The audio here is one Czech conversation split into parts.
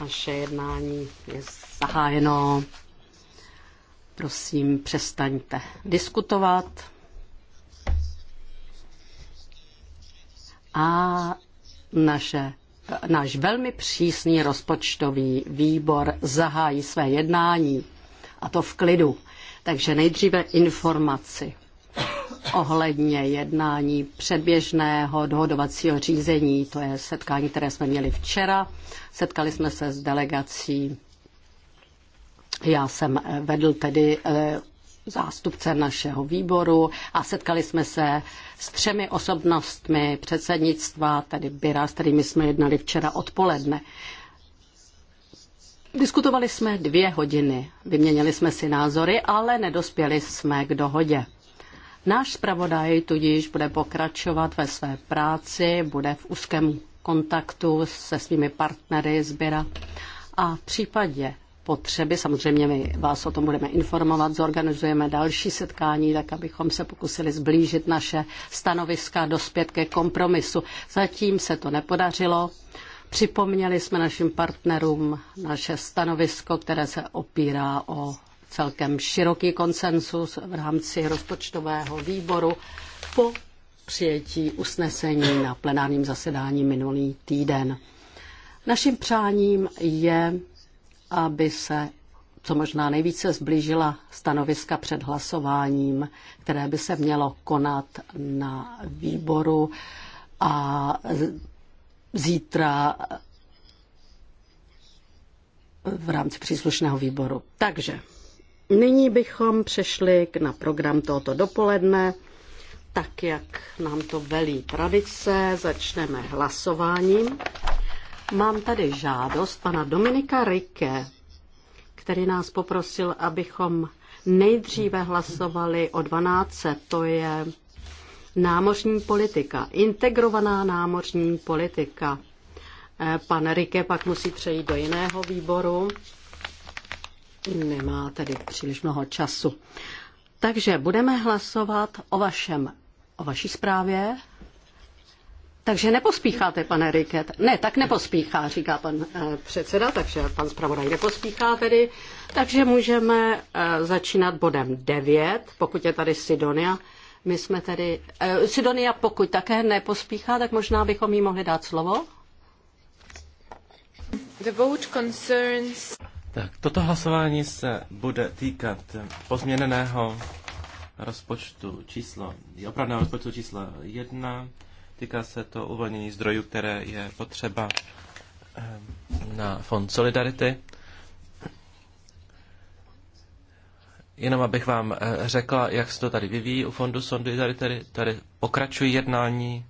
Naše jednání je zahájeno. Prosím, přestaňte diskutovat. A naše, náš velmi přísný rozpočtový výbor zahájí své jednání, a to v klidu. Takže nejdříve informaci ohledně jednání předběžného dohodovacího řízení. To je setkání, které jsme měli včera. Setkali jsme se s delegací. Já jsem eh, vedl tedy eh, zástupce našeho výboru a setkali jsme se s třemi osobnostmi předsednictva, tedy Byra, s kterými jsme jednali včera odpoledne. Diskutovali jsme dvě hodiny, vyměnili jsme si názory, ale nedospěli jsme k dohodě. Náš zpravodaj tudíž bude pokračovat ve své práci, bude v úzkém kontaktu se svými partnery sběra a v případě potřeby, samozřejmě my vás o tom budeme informovat, zorganizujeme další setkání, tak abychom se pokusili zblížit naše stanoviska, dospět ke kompromisu. Zatím se to nepodařilo. Připomněli jsme našim partnerům naše stanovisko, které se opírá o celkem široký konsensus v rámci rozpočtového výboru po přijetí usnesení na plenárním zasedání minulý týden. Naším přáním je, aby se co možná nejvíce zblížila stanoviska před hlasováním, které by se mělo konat na výboru a zítra v rámci příslušného výboru. Takže Nyní bychom přešli k na program tohoto dopoledne. Tak, jak nám to velí tradice, začneme hlasováním. Mám tady žádost pana Dominika Rike, který nás poprosil, abychom nejdříve hlasovali o 12. To je námořní politika, integrovaná námořní politika. Eh, pan Rike pak musí přejít do jiného výboru. Nemá tedy příliš mnoho času. Takže budeme hlasovat o vašem, o vaší zprávě. Takže nepospícháte, pane Riket. Ne, tak nepospíchá, říká pan e, předseda, takže pan zpravodaj nepospíchá tedy. Takže můžeme e, začínat bodem 9, pokud je tady Sidonia. My jsme tedy... E, Sidonia, pokud také nepospíchá, tak možná bychom jí mohli dát slovo. The vote concerns... Tak, toto hlasování se bude týkat pozměněného rozpočtu číslo, opravného rozpočtu číslo 1. Týká se to uvolnění zdrojů, které je potřeba eh, na fond Solidarity. Jenom abych vám eh, řekla, jak se to tady vyvíjí u fondu Solidarity. Tady pokračují jednání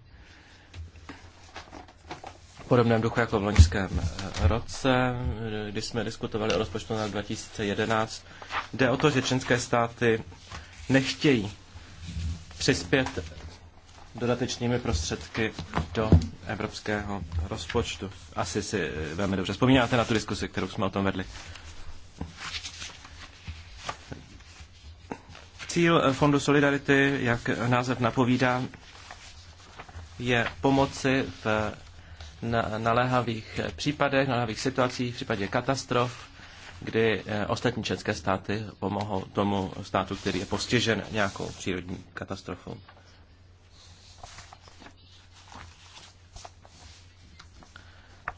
podobném duchu jako v loňském eh, roce, eh, kdy jsme diskutovali o rozpočtu na 2011. Jde o to, že členské státy nechtějí přispět dodatečnými prostředky do evropského rozpočtu. Asi si eh, velmi dobře vzpomínáte na tu diskusi, kterou jsme o tom vedli. Cíl Fondu Solidarity, jak název napovídá, je pomoci v na naléhavých případech, naléhavých situacích, v případě katastrof, kdy eh, ostatní české státy pomohou tomu státu, který je postižen nějakou přírodní katastrofou.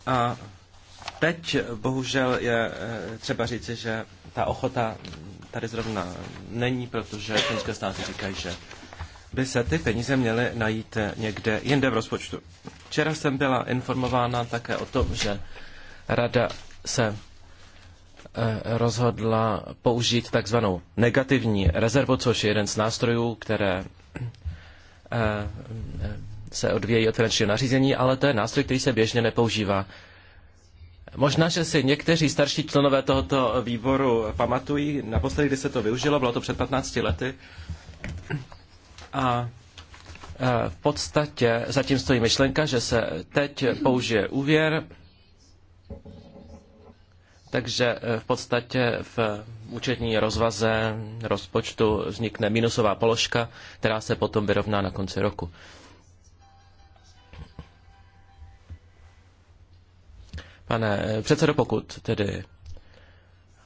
A teď bohužel je eh, třeba říci, že ta ochota tady zrovna není, protože české státy říkají, že by se ty peníze měly najít někde jinde v rozpočtu. Včera jsem byla informována také o tom, že rada se eh, rozhodla použít takzvanou negativní rezervu, což je jeden z nástrojů, které eh, se odvíjí od finančního nařízení, ale to je nástroj, který se běžně nepoužívá. Možná, že si někteří starší členové tohoto výboru pamatují, naposledy, kdy se to využilo, bylo to před 15 lety, a e, v podstatě zatím stojí myšlenka, že se teď použije úvěr, takže e, v podstatě v účetní rozvaze rozpočtu vznikne minusová položka, která se potom vyrovná na konci roku. Pane předsedo, pokud tedy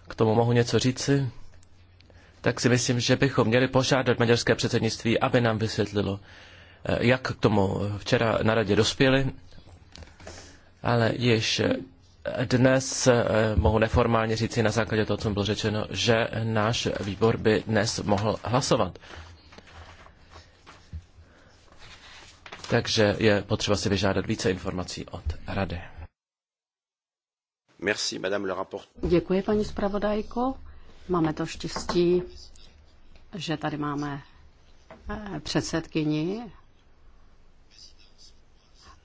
k tomu mohu něco říci tak si myslím, že bychom měli požádat maďarské předsednictví, aby nám vysvětlilo, eh, jak k tomu včera na radě dospěli, ale již eh, dnes eh, mohu neformálně říci na základě toho, co bylo řečeno, že náš výbor by dnes mohl hlasovat. Takže je potřeba si vyžádat více informací od Rady. Děkuji, paní zpravodajko. Máme to štěstí, že tady máme eh, předsedkyni,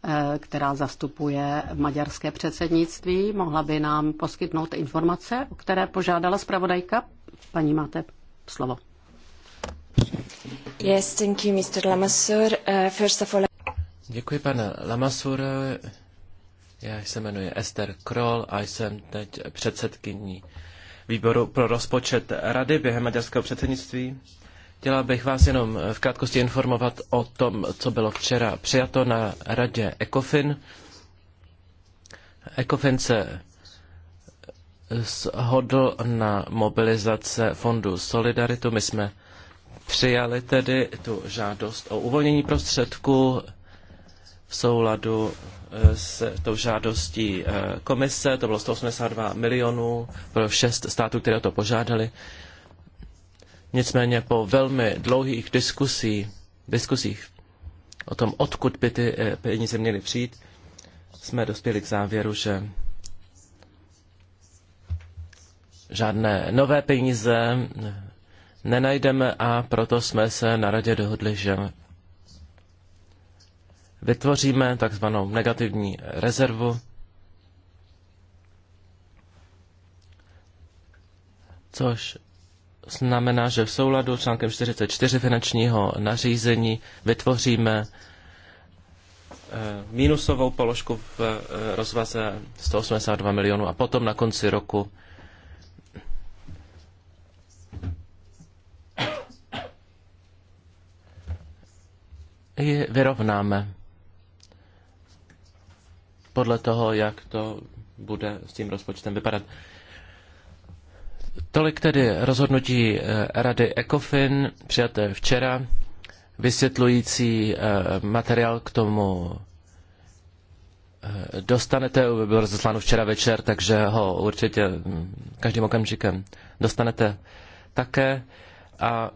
eh, která zastupuje maďarské předsednictví. Mohla by nám poskytnout informace, o které požádala zpravodajka? Paní, máte slovo. Yes, thank you, Mr. Lamassur. Uh, first of all... Děkuji, pane Lamassur. Já se jmenuji Esther Kroll a jsem teď předsedkyní výboru pro rozpočet rady během maďarského předsednictví. Chtěla bych vás jenom v krátkosti informovat o tom, co bylo včera přijato na radě ECOFIN. ECOFIN se shodl na mobilizace fondu Solidaritu. My jsme přijali tedy tu žádost o uvolnění prostředků v souladu Eh, s tou žádostí eh, komise, to bylo 182 milionů pro šest států, které to požádali. Nicméně po velmi dlouhých diskusí, diskusích o tom, odkud by ty eh, peníze měly přijít, jsme dospěli k závěru, že žádné nové peníze nenajdeme a proto jsme se na radě dohodli, že vytvoříme takzvanou negativní rezervu, což znamená, že v souladu s článkem 44 finančního nařízení vytvoříme eh, mínusovou položku v eh, rozvaze 182 milionů a potom na konci roku vyrovnáme podle toho, jak to bude s tím rozpočtem vypadat. Tolik tedy rozhodnutí eh, Rady ECOFIN přijaté včera, vysvětlující eh, materiál k tomu eh, dostanete, byl rozeslán včera večer, takže ho určitě mm, každým okamžikem dostanete také. A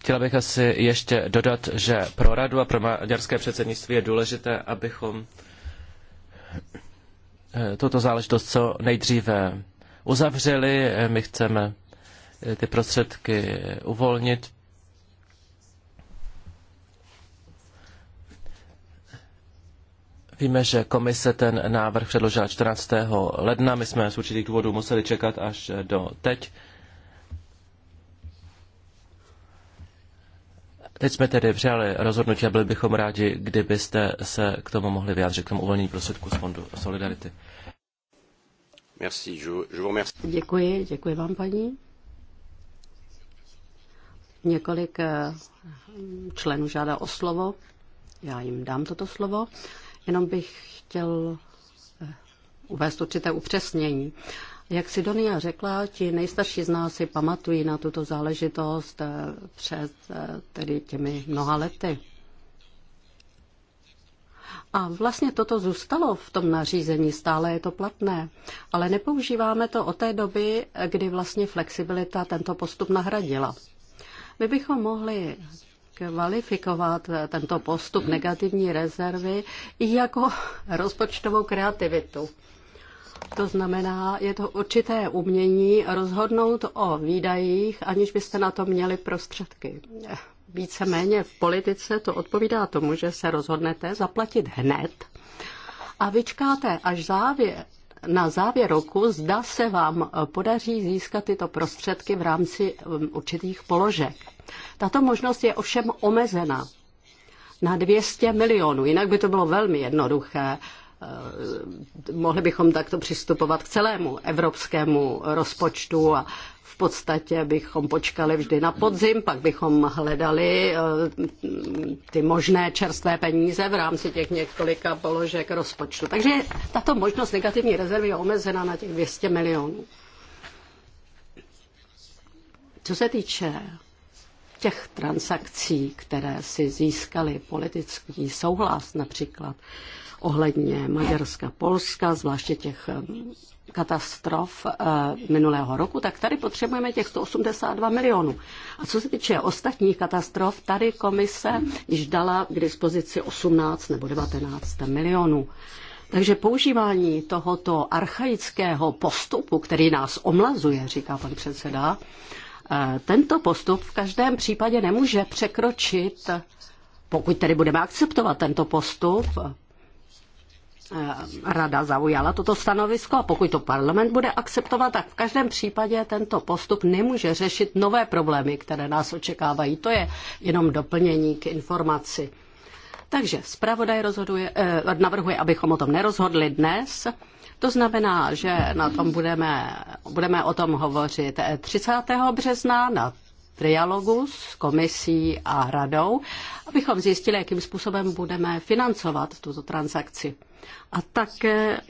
chtěla bych asi ještě dodat, že pro radu a pro maďarské předsednictví je důležité, abychom Eh, tuto záležitost co nejdříve uzavřeli. Eh, my chceme eh, ty prostředky uvolnit. Víme, že komise ten návrh předložila 14. ledna. My jsme z určitých důvodů museli čekat až do teď. Teď jsme tedy přijali rozhodnutí a byli bychom rádi, kdybyste se k tomu mohli vyjádřit, k tomu uvolnění prostředků z Fondu Solidarity. Merci, Děkuji, děkuji vám, paní. Několik eh, členů žádá o slovo. Já jim dám toto slovo. Jenom bych chtěl eh, uvést určité upřesnění. Jak si Donia řekla, ti nejstarší z nás si pamatují na tuto záležitost eh, před eh, tedy těmi mnoha lety. A vlastně toto zůstalo v tom nařízení, stále je to platné, ale nepoužíváme to od té doby, kdy vlastně flexibilita tento postup nahradila. My bychom mohli kvalifikovat eh, tento postup negativní rezervy i jako rozpočtovou kreativitu. To znamená, je to určité umění rozhodnout o výdajích, aniž byste na to měli prostředky. Víceméně v politice to odpovídá tomu, že se rozhodnete zaplatit hned a vyčkáte až závěr, na závěr roku, zda se vám podaří získat tyto prostředky v rámci um, určitých položek. Tato možnost je ovšem omezena na 200 milionů, jinak by to bylo velmi jednoduché Eh, mohli bychom takto přistupovat k celému evropskému rozpočtu a v podstatě bychom počkali vždy na podzim, pak bychom hledali eh, ty možné čerstvé peníze v rámci těch několika položek rozpočtu. Takže tato možnost negativní rezervy je omezena na těch 200 milionů. Co se týče těch transakcí, které si získaly politický souhlas například, ohledně Maďarska, Polska, zvláště těch eh, katastrof eh, minulého roku, tak tady potřebujeme těch 182 milionů. A co se týče ostatních katastrof, tady komise již dala k dispozici 18 nebo 19 milionů. Takže používání tohoto archaického postupu, který nás omlazuje, říká pan předseda, eh, tento postup v každém případě nemůže překročit, pokud tedy budeme akceptovat tento postup, Eh, rada zaujala toto stanovisko a pokud to parlament bude akceptovat, tak v každém případě tento postup nemůže řešit nové problémy, které nás očekávají. To je jenom doplnění k informaci. Takže zpravodaj rozhoduje, eh, navrhuje, abychom o tom nerozhodli dnes. To znamená, že na tom budeme, budeme o tom hovořit eh, 30. března na trialogu s komisí a radou, abychom zjistili, jakým způsobem budeme financovat tuto transakci. A také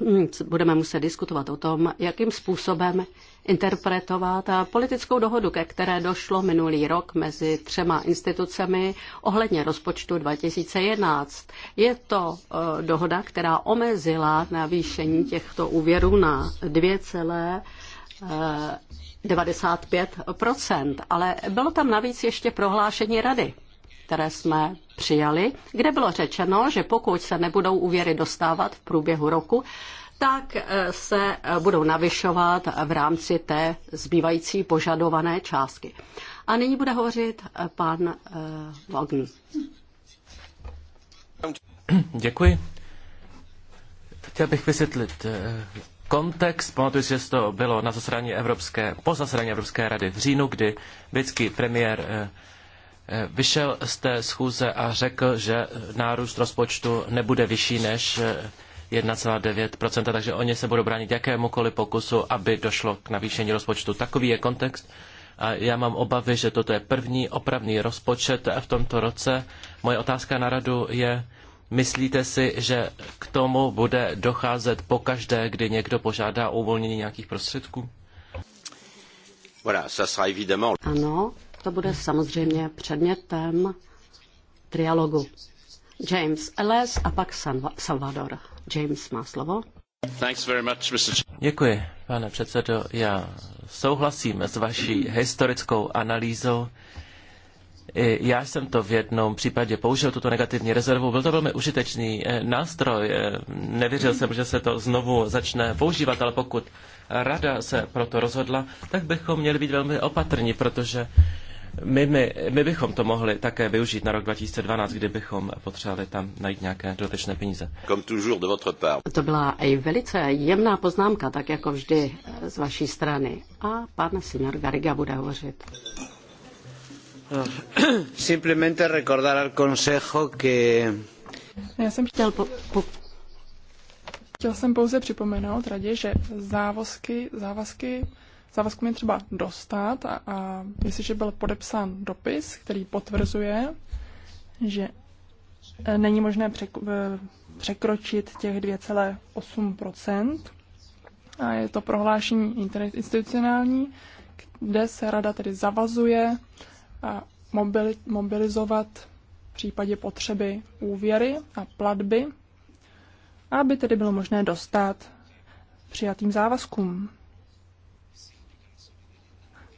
mm, budeme muset diskutovat o tom, jakým způsobem interpretovat politickou dohodu, ke které došlo minulý rok mezi třema institucemi ohledně rozpočtu 2011. Je to e, dohoda, která omezila navýšení těchto úvěrů na 2, 95 ale bylo tam navíc ještě prohlášení rady, které jsme přijali, kde bylo řečeno, že pokud se nebudou úvěry dostávat v průběhu roku, tak eh, se eh, budou navyšovat v rámci té zbývající požadované částky. A nyní bude hovořit eh, pan Wagner. Děkuji. Chtěl bych vysvětlit kontext. Pamatuju si, že to bylo na Evropské, po zasedání Evropské rady v říjnu, kdy britský premiér eh, eh, vyšel z té schůze a řekl, že nárůst rozpočtu nebude vyšší než 1,9%, eh, takže oni se budou bránit jakémukoliv pokusu, aby došlo k navýšení rozpočtu. Takový je kontext. A já mám obavy, že toto je první opravný rozpočet v tomto roce. Moje otázka na radu je, Myslíte si, že k tomu bude docházet pokaždé, kdy někdo požádá o uvolnění nějakých prostředků? Ano, to bude samozřejmě předmětem trialogu. James Ellis a pak San Salvador. James má slovo. Děkuji, pane předsedo. Já souhlasím s vaší historickou analýzou já jsem to v jednom případě použil, tuto negativní rezervu. Byl to velmi užitečný eh, nástroj. Eh, nevěřil jsem, že se to znovu začne používat, ale pokud rada se proto rozhodla, tak bychom měli být velmi opatrní, protože my, my, my bychom to mohli také využít na rok 2012, kdybychom potřebovali tam najít nějaké dodatečné peníze. To byla i velice jemná poznámka, tak jako vždy z vaší strany. A pan Signor Gariga bude hovořit. Simplemente recordar al Consejo que... Já jsem chtěl po, po... Chtěl jsem pouze připomenout radě, že závazky, závazky závazkům je třeba dostat a, a jestliže byl podepsán dopis, který potvrzuje, že e, není možné e, překročit těch 2,8 a je to prohlášení institucionální, kde se rada tedy zavazuje mobilizovat v případě potřeby úvěry a platby, aby tedy bylo možné dostat přijatým závazkům.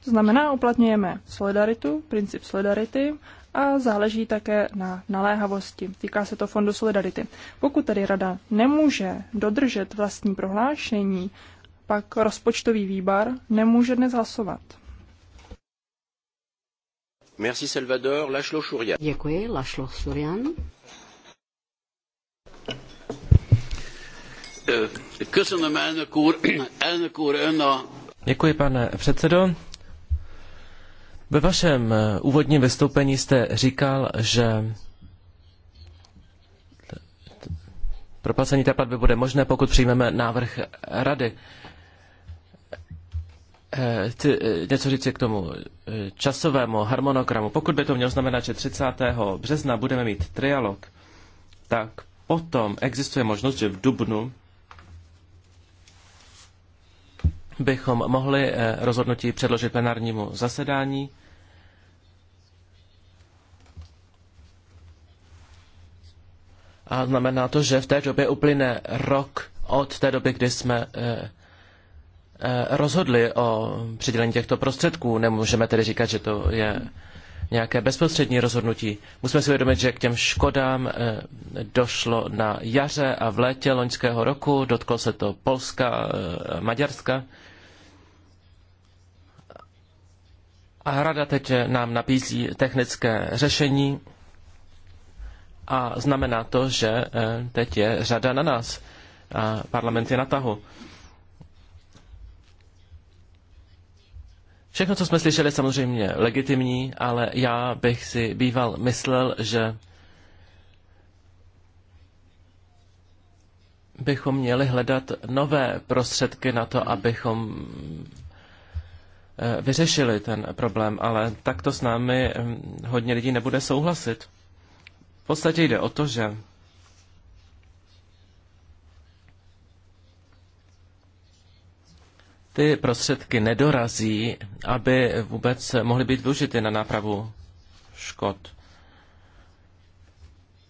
To znamená, uplatňujeme solidaritu, princip solidarity a záleží také na naléhavosti. Týká se to Fondu solidarity. Pokud tedy rada nemůže dodržet vlastní prohlášení, pak rozpočtový výbor nemůže dnes hlasovat. Merci Salvador. Lašlo Šurian. Děkuji, Lašlo Šurian. Köszönöm, elnök úr. Elnök úr, ön a... Děkuji, pane předsedo. Ve vašem eh, úvodním vystoupení jste říkal, že proplacení té platby bude možné, pokud přijmeme návrh rady. Eh, chci eh, něco říct k tomu časovému harmonogramu, pokud by to mělo znamenat, že 30. března budeme mít trialog, tak potom existuje možnost, že v dubnu bychom mohli eh, rozhodnutí předložit plenárnímu zasedání. A znamená to, že v té době uplyne rok od té doby, kdy jsme eh, Eh, rozhodli o přidělení těchto prostředků. Nemůžeme tedy říkat, že to je nějaké bezprostřední rozhodnutí. Musíme si uvědomit, že k těm škodám eh, došlo na jaře a v létě loňského roku, dotklo se to Polska, eh, Maďarska. A rada teď nám nabízí technické řešení a znamená to, že teď je řada na nás a parlament je na tahu. Všechno, co jsme slyšeli, je samozřejmě legitimní, ale já bych si býval myslel, že bychom měli hledat nové prostředky na to, abychom eh, vyřešili ten problém, ale takto s námi hm, hodně lidí nebude souhlasit. V podstatě jde o to, že ty prostředky nedorazí, aby vůbec mohly být využity na nápravu škod.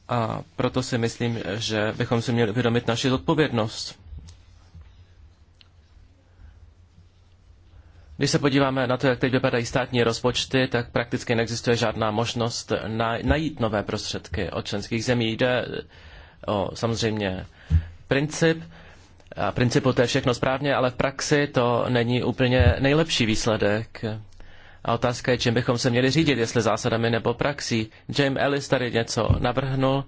A proto si myslím, že bychom si měli uvědomit naši zodpovědnost. Když se podíváme na to, jak teď vypadají státní rozpočty, tak prakticky neexistuje žádná možnost na, najít nové prostředky od členských zemí. Jde o samozřejmě princip, a principu to je všechno správně, ale v praxi to není úplně nejlepší výsledek. A otázka je, čím bychom se měli řídit, jestli zásadami nebo praxí. James Ellis tady něco navrhnul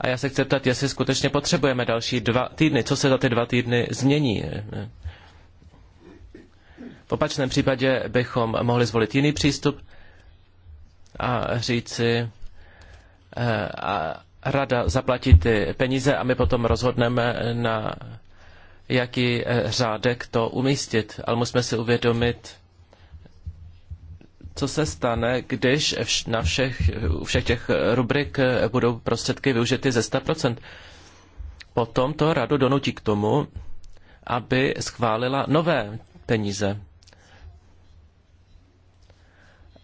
a já se chci ptat, jestli skutečně potřebujeme další dva týdny. Co se za ty dva týdny změní? V opačném případě bychom mohli zvolit jiný přístup a říci, eh, a rada zaplatit ty peníze a my potom rozhodneme na jaký eh, řádek to umístit. Ale musíme si uvědomit, co se stane, když na všech, všech těch rubrik eh, budou prostředky využity ze 100%. Potom to radu donutí k tomu, aby schválila nové peníze.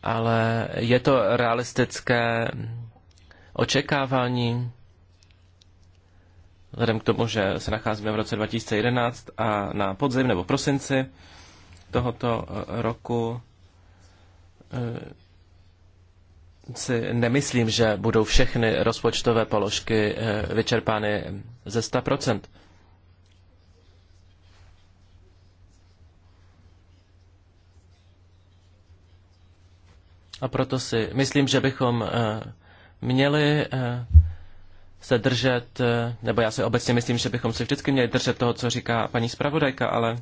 Ale je to realistické očekávání, vzhledem k tomu, že se nacházíme v roce 2011 a na podzim nebo prosinci tohoto eh, roku eh, si nemyslím, že budou všechny rozpočtové položky eh, vyčerpány ze 100%. A proto si myslím, že bychom měli eh, se držet, eh, nebo já si obecně myslím, že bychom se vždycky měli držet toho, co říká paní zpravodajka, ale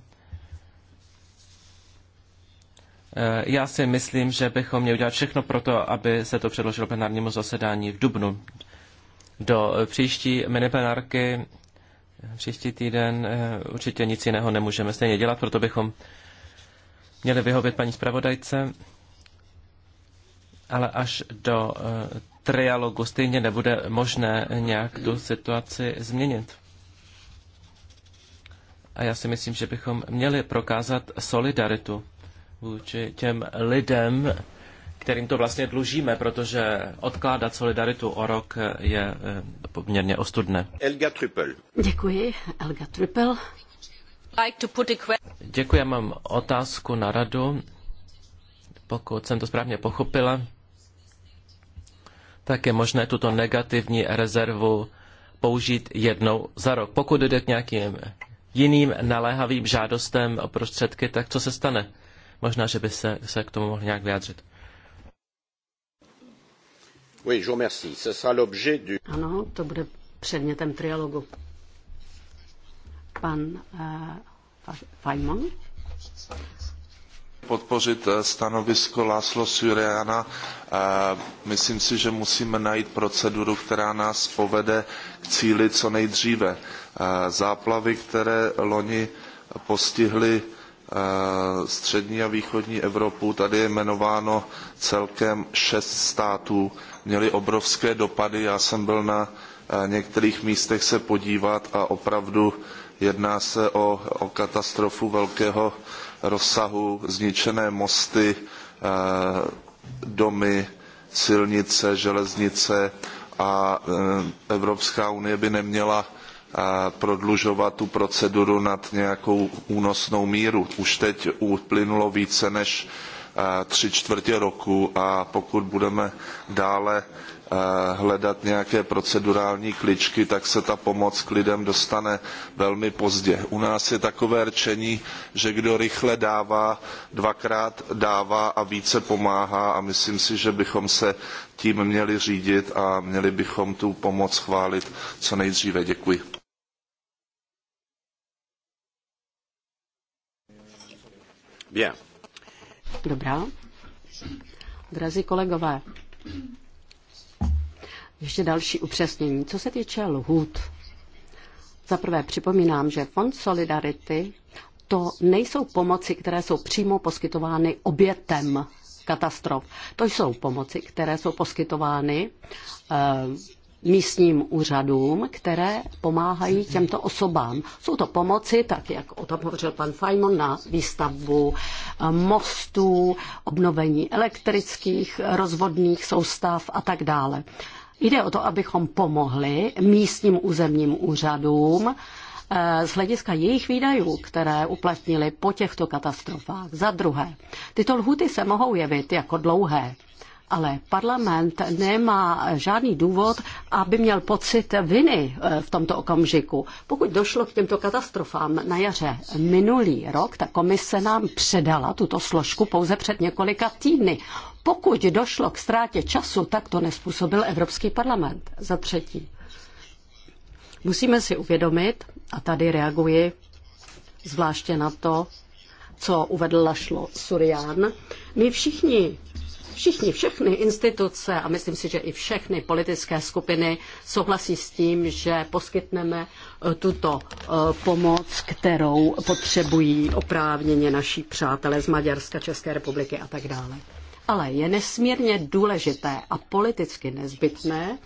eh, já si myslím, že bychom měli udělat všechno pro to, aby se to předložilo plenárnímu zasedání v Dubnu. Do příští miniplenárky, příští týden, určitě nic jiného nemůžeme stejně dělat, proto bychom měli vyhovět paní zpravodajce, ale až do trialogu stejně nebude možné nějak tu situaci změnit. A já si myslím, že bychom měli prokázat solidaritu vůči těm lidem, kterým to vlastně dlužíme, protože odkládat solidaritu o rok je eh, poměrně ostudné. Elga Trüppel. Děkuji, Elga Trüppel. Děkuji, já mám otázku na radu, pokud jsem to správně pochopila tak je možné tuto negativní rezervu použít jednou za rok. Pokud jde k nějakým jiným naléhavým žádostem o prostředky, tak co se stane? Možná, že by se, se k tomu mohl nějak vyjádřit. Ano, to bude předmětem trialogu. Pan uh, eh, Fajman? podpořit eh, stanovisko Láslo Suriana. Eh, myslím si, že musíme najít proceduru, která nás povede k cíli co nejdříve. Eh, záplavy, které loni postihly střední a východní Evropu, tady je jmenováno celkem šest států, měly obrovské dopady. Já jsem byl na některých místech se podívat a opravdu jedná se o, o katastrofu velkého rozsahu, zničené mosty, eh, domy, silnice, železnice a eh, Evropská unie by neměla eh, prodlužovat tu proceduru nad nějakou únosnou míru. Už teď uplynulo více než tři čtvrtě roku a pokud budeme dále Eh, hledat nějaké procedurální kličky, tak se ta pomoc k lidem dostane velmi pozdě. U nás je takové rčení, že kdo rychle dává, dvakrát dává a více pomáhá a myslím si, že bychom se tím měli řídit a měli bychom tu pomoc chválit co nejdříve. Děkuji. Bien. Dobrá. Drazí kolegové, ještě další upřesnění. Co se týče lhůt, za prvé připomínám, že Fond Solidarity to nejsou pomoci, které jsou přímo poskytovány obětem katastrof. To jsou pomoci, které jsou poskytovány eh, místním úřadům, které pomáhají těmto osobám. Jsou to pomoci, tak jak o tom hovořil pan Fajmon, na výstavbu eh, mostů, obnovení elektrických rozvodných soustav a tak dále. Jde o to, abychom pomohli místním územním úřadům eh, z hlediska jejich výdajů, které uplatnili po těchto katastrofách. Za druhé, tyto lhuty se mohou jevit jako dlouhé, ale parlament nemá žádný důvod, aby měl pocit viny eh, v tomto okamžiku. Pokud došlo k těmto katastrofám na jaře minulý rok, ta komise nám předala tuto složku pouze před několika týdny. Pokud došlo k ztrátě času, tak to nespůsobil Evropský parlament. Za třetí, musíme si uvědomit, a tady reaguji zvláště na to, co uvedl Lašlo Surian, my všichni všichni, všechny instituce a myslím si, že i všechny politické skupiny souhlasí s tím, že poskytneme eh, tuto eh, pomoc, kterou potřebují oprávněně naši přátelé z Maďarska, České republiky a tak dále ale je nesmírně důležité a politicky nezbytné,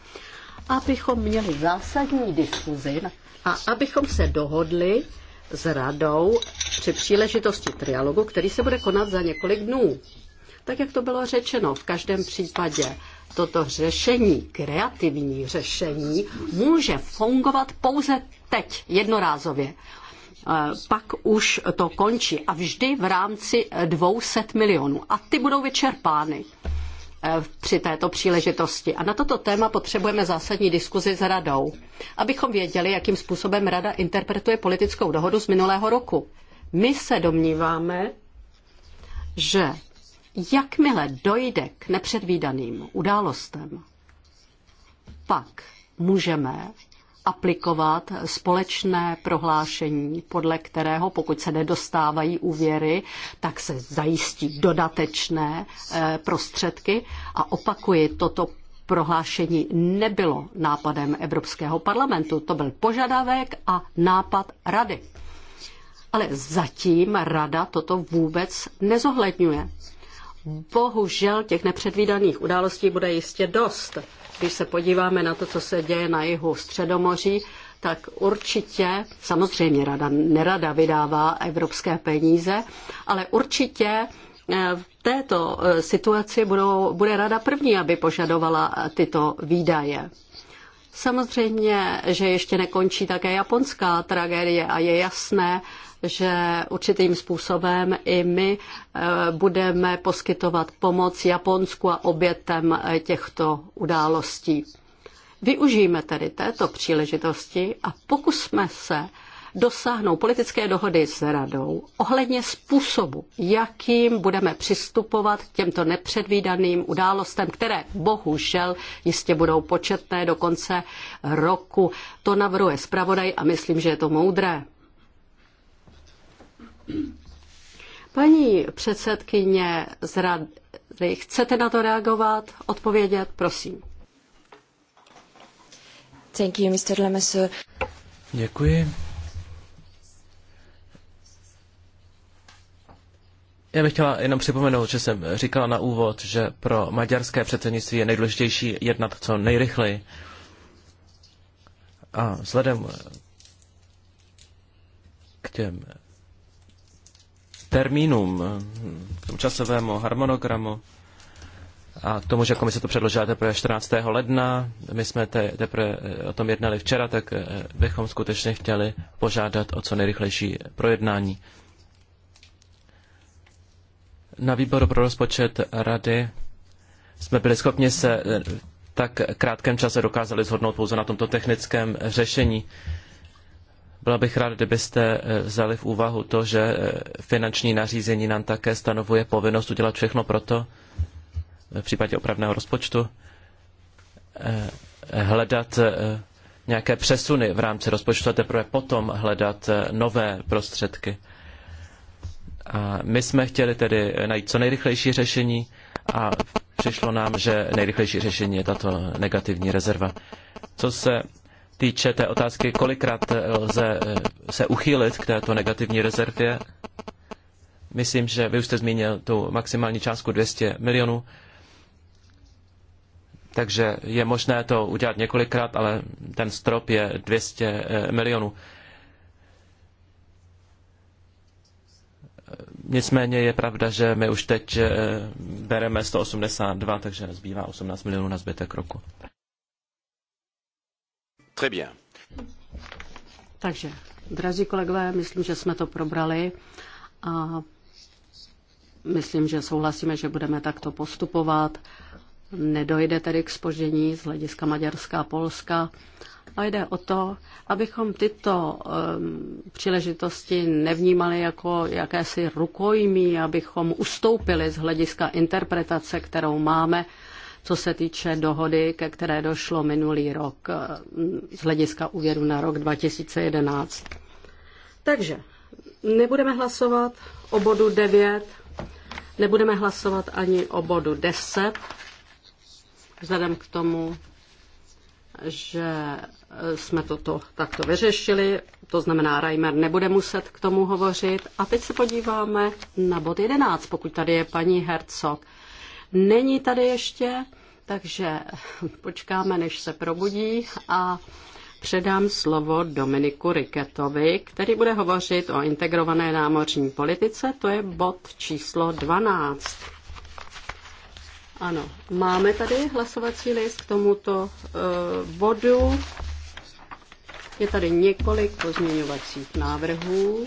abychom měli zásadní diskuzi a abychom se dohodli s radou při příležitosti trialogu, který se bude konat za několik dnů. Tak, jak to bylo řečeno, v každém případě toto řešení, kreativní řešení, může fungovat pouze teď, jednorázově. Eh, pak už to končí a vždy v rámci 200 milionů. A ty budou vyčerpány eh, při této příležitosti. A na toto téma potřebujeme zásadní diskuzi s radou, abychom věděli, jakým způsobem rada interpretuje politickou dohodu z minulého roku. My se domníváme, že jakmile dojde k nepředvídaným událostem, pak můžeme aplikovat společné prohlášení, podle kterého, pokud se nedostávají úvěry, tak se zajistí dodatečné eh, prostředky. A opakuji, toto prohlášení nebylo nápadem Evropského parlamentu. To byl požadavek a nápad rady. Ale zatím rada toto vůbec nezohledňuje. Bohužel těch nepředvídaných událostí bude jistě dost. Když se podíváme na to, co se děje na jihu Středomoří, tak určitě, samozřejmě rada nerada vydává evropské peníze, ale určitě eh, v této eh, situaci budou, bude rada první, aby požadovala tyto výdaje. Samozřejmě, že ještě nekončí také japonská tragédie a je jasné, že určitým způsobem i my eh, budeme poskytovat pomoc Japonsku a obětem eh, těchto událostí. Využijeme tedy této příležitosti a pokusme se dosáhnout politické dohody s radou ohledně způsobu, jakým budeme přistupovat k těmto nepředvídaným událostem, které bohužel jistě budou početné do konce roku. To navrhuje zpravodaj a myslím, že je to moudré. Paní předsedkyně z rady, chcete na to reagovat, odpovědět, prosím. Thank you, Mr. Lemesur. Děkuji. Já bych chtěla jenom připomenout, že jsem říkala na úvod, že pro maďarské předsednictví je nejdůležitější jednat co nejrychleji. A vzhledem k těm termínům, k eh, tomu časovému harmonogramu a k tomu, že komise to předložila teprve 14. ledna. My jsme te, teprve eh, o tom jednali včera, tak eh, bychom skutečně chtěli požádat o co nejrychlejší projednání. Na výboru pro rozpočet rady jsme byli schopni se tak krátkém čase dokázali zhodnout pouze na tomto technickém řešení. Byla bych rád, kdybyste eh, vzali v úvahu to, že eh, finanční nařízení nám také stanovuje povinnost udělat všechno proto, eh, v případě opravného rozpočtu, hledat nějaké přesuny v rámci rozpočtu a teprve potom hledat nové prostředky. A my jsme chtěli tedy najít co nejrychlejší řešení a přišlo nám, že nejrychlejší řešení je tato negativní rezerva. Co se týče té otázky, kolikrát lze eh, se uchýlit k této negativní rezervě, myslím, že vy už jste zmínil tu maximální částku 200 milionů, takže je možné to udělat několikrát, ale ten strop je 200 eh, milionů. Nicméně je pravda, že my už teď eh, bereme 182, takže zbývá 18 milionů na zbytek roku. Très bien. Takže, drazí kolegové, myslím, že jsme to probrali a myslím, že souhlasíme, že budeme takto postupovat. Nedojde tedy k spoždění z hlediska Maďarska a Polska. A jde o to, abychom tyto um, příležitosti nevnímali jako jakési rukojmí, abychom ustoupili z hlediska interpretace, kterou máme co se týče dohody, ke které došlo minulý rok eh, z hlediska úvěru na rok 2011. Takže nebudeme hlasovat o bodu 9, nebudeme hlasovat ani o bodu 10, vzhledem k tomu, že eh, jsme toto takto vyřešili, to znamená, Reimer nebude muset k tomu hovořit. A teď se podíváme na bod 11, pokud tady je paní Herzog není tady ještě, takže počkáme, než se probudí a předám slovo Dominiku Riketovi, který bude hovořit o integrované námořní politice, to je bod číslo 12. Ano, máme tady hlasovací list k tomuto uh, bodu. Je tady několik pozměňovacích návrhů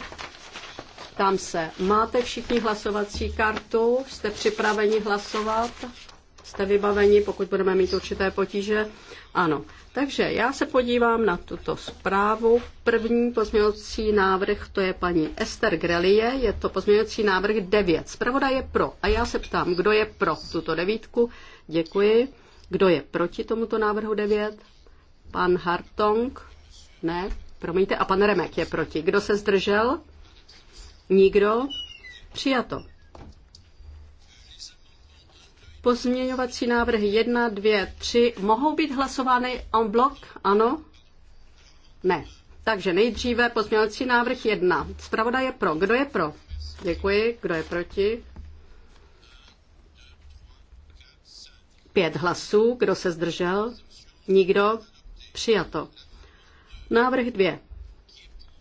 Ptám se, máte všichni hlasovací kartu? Jste připraveni hlasovat? Jste vybaveni, pokud budeme mít určité potíže? Ano. Takže já se podívám na tuto zprávu. První pozměňovací návrh, to je paní Ester Grelie, je to pozměňovací návrh 9. Zpravoda je pro. A já se ptám, kdo je pro tuto devítku? Děkuji. Kdo je proti tomuto návrhu 9? Pan Hartong? Ne, promiňte. A pan Remek je proti. Kdo se zdržel? Nikdo? Přijato. Pozměňovací návrh 1, 2, 3 mohou být hlasovány en bloc? Ano? Ne. Takže nejdříve pozměňovací návrh 1. Zpravoda je pro. Kdo je pro? Děkuji. Kdo je proti? Pět hlasů. Kdo se zdržel? Nikdo. Přijato. Návrh 2.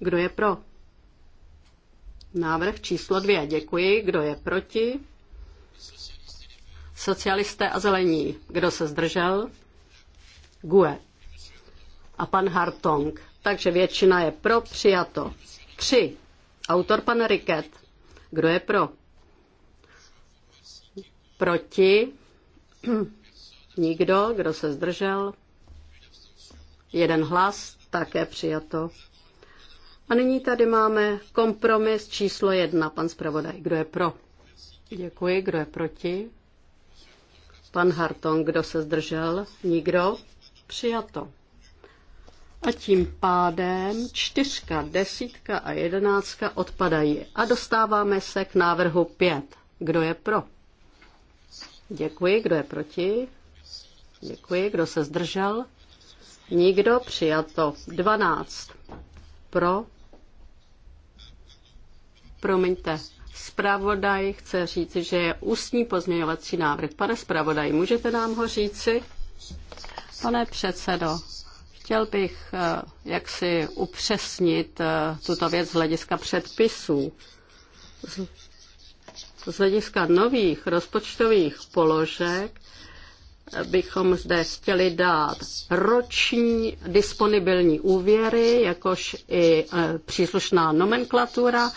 Kdo je pro? Návrh číslo dvě. Děkuji. Kdo je proti? Socialisté a zelení. Kdo se zdržel? GUE. A pan Hartong. Takže většina je pro, přijato. Tři. Autor pan Riket. Kdo je pro? Proti? Nikdo. Kdo se zdržel? Jeden hlas. Také přijato. A nyní tady máme kompromis číslo jedna. Pan zpravodaj, kdo je pro? Děkuji. Kdo je proti? Pan Harton, kdo se zdržel? Nikdo? Přijato. A tím pádem čtyřka, desítka a jedenáctka odpadají. A dostáváme se k návrhu pět. Kdo je pro? Děkuji. Kdo je proti? Děkuji. Kdo se zdržel? Nikdo. Přijato. Dvanáct. Pro. Promiňte, zpravodaj chce říct, že je ústní pozměňovací návrh. Pane zpravodaj, můžete nám ho říci? Pane předsedo, chtěl bych eh, jaksi upřesnit eh, tuto věc z hlediska předpisů. Z hlediska nových rozpočtových položek eh, bychom zde chtěli dát roční disponibilní úvěry, jakož i příslušná nomenklatura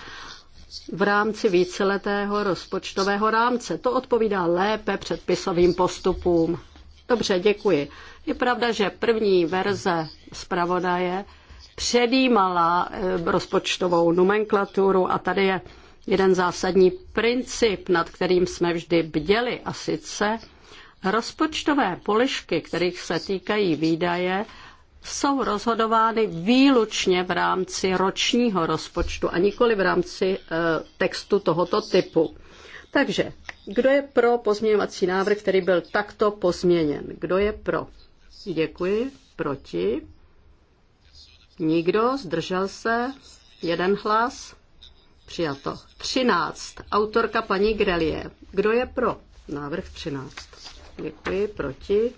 v rámci víceletého rozpočtového rámce. To odpovídá lépe předpisovým postupům. Dobře, děkuji. Je pravda, že první verze zpravodaje předjímala eh, rozpočtovou nomenklaturu a tady je jeden zásadní princip, nad kterým jsme vždy bděli a sice rozpočtové polišky, kterých se týkají výdaje, jsou rozhodovány výlučně v rámci ročního rozpočtu a nikoli v rámci eh, textu tohoto typu. Takže, kdo je pro pozměňovací návrh, který byl takto pozměněn? Kdo je pro? Děkuji. Proti? Nikdo? Zdržel se? Jeden hlas? Přijato. 13. Autorka paní Grelie. Kdo je pro? Návrh 13. Děkuji. Proti?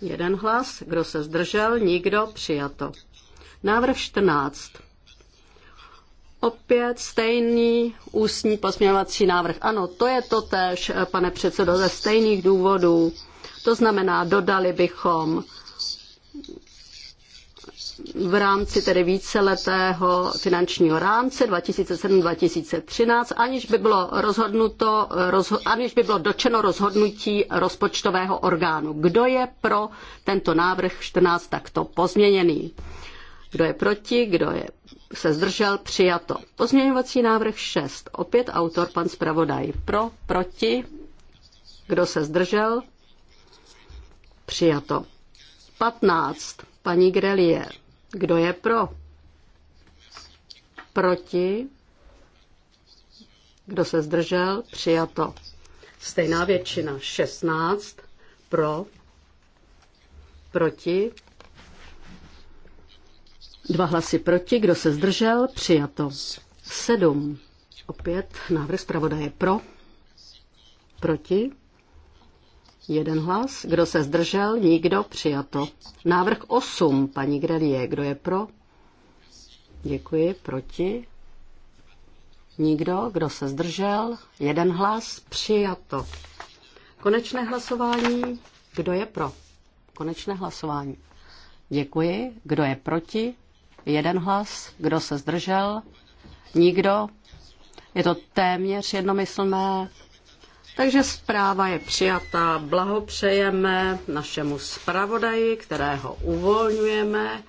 Jeden hlas. Kdo se zdržel? Nikdo. Přijato. Návrh 14. Opět stejný ústní pozměňovací návrh. Ano, to je to tež, pane předsedo, ze stejných důvodů. To znamená, dodali bychom v rámci tedy víceletého finančního rámce 2007-2013, aniž by bylo rozhodnuto, rozho, aniž by bylo dočeno rozhodnutí rozpočtového orgánu. Kdo je pro tento návrh 14 takto pozměněný? Kdo je proti, kdo je, se zdržel, přijato. Pozměňovací návrh 6. Opět autor, pan zpravodaj. Pro, proti, kdo se zdržel, přijato. 15. Paní Grelier. Kdo je pro? Proti? Kdo se zdržel? Přijato. Stejná většina. 16 pro, proti, dva hlasy proti, kdo se zdržel? Přijato. 7. Opět návrh zpravodaje pro, proti. Jeden hlas. Kdo se zdržel? Nikdo. Přijato. Návrh 8. Paní Grenie, kdo je pro? Děkuji. Proti? Nikdo. Kdo se zdržel? Jeden hlas. Přijato. Konečné hlasování. Kdo je pro? Konečné hlasování. Děkuji. Kdo je proti? Jeden hlas. Kdo se zdržel? Nikdo. Je to téměř jednomyslné. Takže zpráva je přijatá. Blahopřejeme našemu zpravodaji, kterého uvolňujeme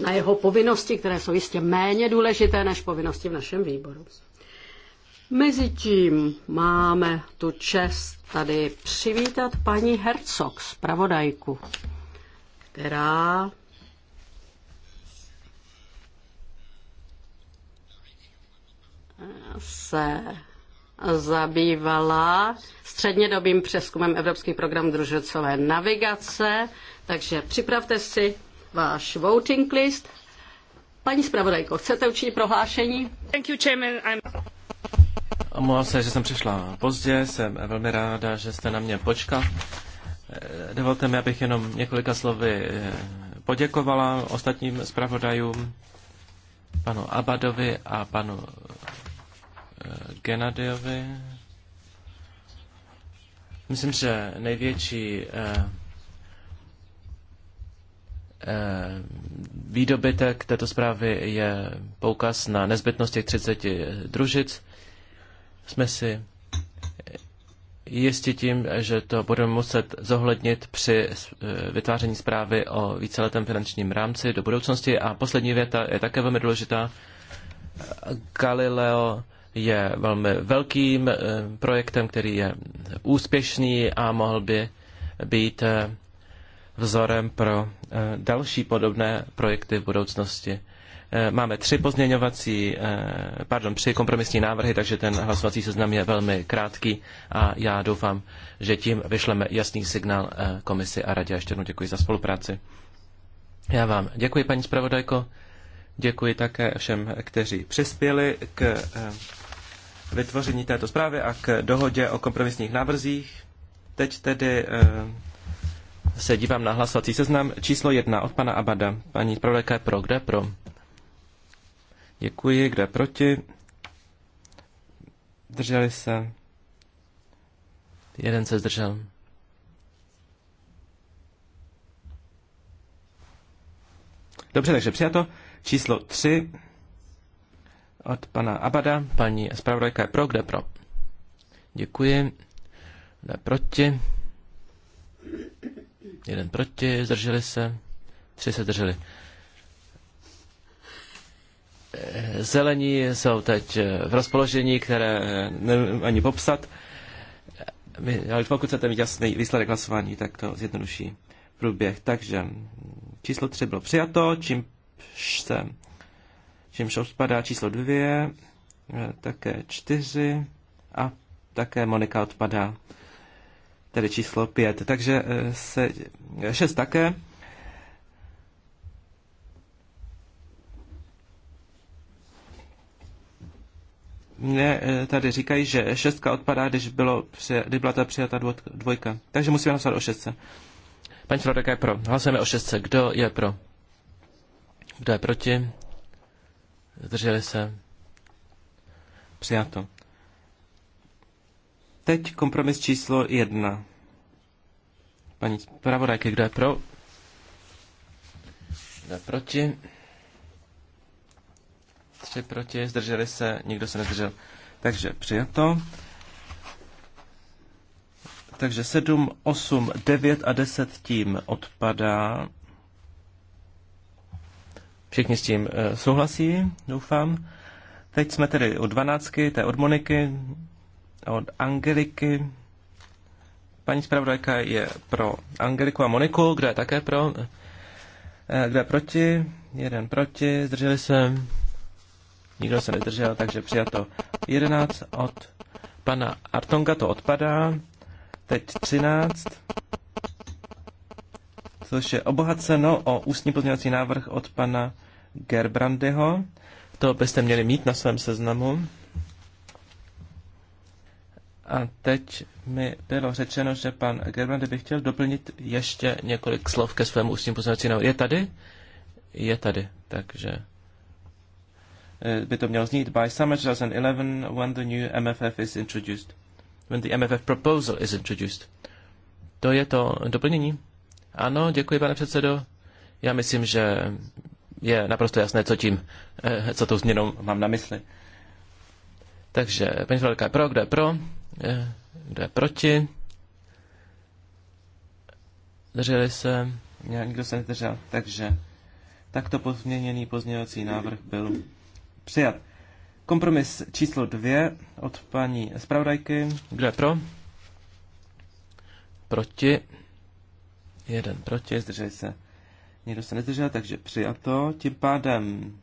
na jeho povinnosti, které jsou jistě méně důležité než povinnosti v našem výboru. Mezitím máme tu čest tady přivítat paní Hercog, zpravodajku, která se zabývala střednědobým přeskumem Evropský program družicové navigace, takže připravte si váš voting list. Paní zpravodajko, chcete učinit prohlášení? Thank you, chairman. I'm... Omlouvám se, že jsem přišla pozdě, jsem velmi ráda, že jste na mě počkal. Dovolte mi, abych jenom několika slovy eh, poděkovala ostatním zpravodajům, panu Abadovi a panu Genadiovi. Myslím, že největší eh, eh, výdobytek této zprávy je poukaz na nezbytnost těch 30 družic. Jsme si jistí tím, že to budeme muset zohlednit při eh, vytváření zprávy o víceletém finančním rámci do budoucnosti. A poslední věta je také velmi důležitá. Galileo je velmi velkým eh, projektem, který je úspěšný a mohl by být eh, vzorem pro eh, další podobné projekty v budoucnosti. Máme tři pozměňovací, pardon, tři kompromisní návrhy, takže ten hlasovací seznam je velmi krátký a já doufám, že tím vyšleme jasný signál komisi a radě. Ještě jednou děkuji za spolupráci. Já vám děkuji, paní zpravodajko. Děkuji také všem, kteří přispěli k vytvoření této zprávy a k dohodě o kompromisních návrzích. Teď tedy eh, se dívám na hlasovací seznam. Číslo jedna od pana Abada. Paní zpravodajka je pro. Kde pro? Děkuji. Kde proti? Drželi se. Jeden se zdržel. Dobře, takže přijato. Číslo tři od pana Abada. Paní zpravodajka je pro, kde pro? Děkuji. Kde proti? Jeden proti, zdrželi se. Tři se zdrželi. Zelení jsou teď v rozpoložení, které eh, nevím ani popsat. My, ale pokud chcete mít jasný výsledek hlasování, tak to zjednoduší průběh. Takže číslo 3 bylo přijato, čím se čímž odpadá číslo dvě, e, také čtyři a také Monika odpadá, tedy číslo pět. Takže e, se, e, šest také. Mně tady říkají, že šestka odpadá, když, bylo, když byla ta přijata dvojka. Takže musíme hlasovat o šestce. Paní Flodek je pro. Hlasujeme o šestce. Kdo je pro? Kdo je proti? Zdrželi se? Přijato. Teď kompromis číslo jedna. Paní zpravodajky, kdo je pro? Kdo je proti? Tři proti, zdrželi se, nikdo se nezdržel. Takže přijato. Takže 7, 8, 9 a 10 tím odpadá. Všichni s tím eh, souhlasí, doufám. Teď jsme tedy od dvanáctky, to je od Moniky, od Angeliky. Paní zpravodajka je pro Angeliku a Moniku, kdo je také pro, eh, kdo je proti, jeden proti, zdrželi se, nikdo se nedržel, takže přijato 11 od pana Artonga to odpadá, teď 13, což je obohaceno o ústní pozměňovací návrh od pana Gerbrandyho. To byste měli mít na svém seznamu. A teď mi bylo řečeno, že pan Gerbrandy by chtěl doplnit ještě několik slov ke svému ústním pozměňovacímu Je tady? Je tady, takže eh, by to mělo znít by summer 2011 when the new MFF is introduced. When the MFF proposal is introduced. To je to doplnění. Ano, děkuji, pane předsedo. Já myslím, že je naprosto jasné, co tím, eh, co tou změnou mám na mysli. Takže paní Velká je pro, kdo je pro, eh, kdo je proti. Drželi se, nikdo se nedržel, takže takto pozměněný pozměňovací návrh byl přijat. Kompromis číslo dvě od paní zpravodajky. Kdo je pro? Proti. Jeden proti, zdrželi se Někdo se nezdržel, takže přijato. Tím pádem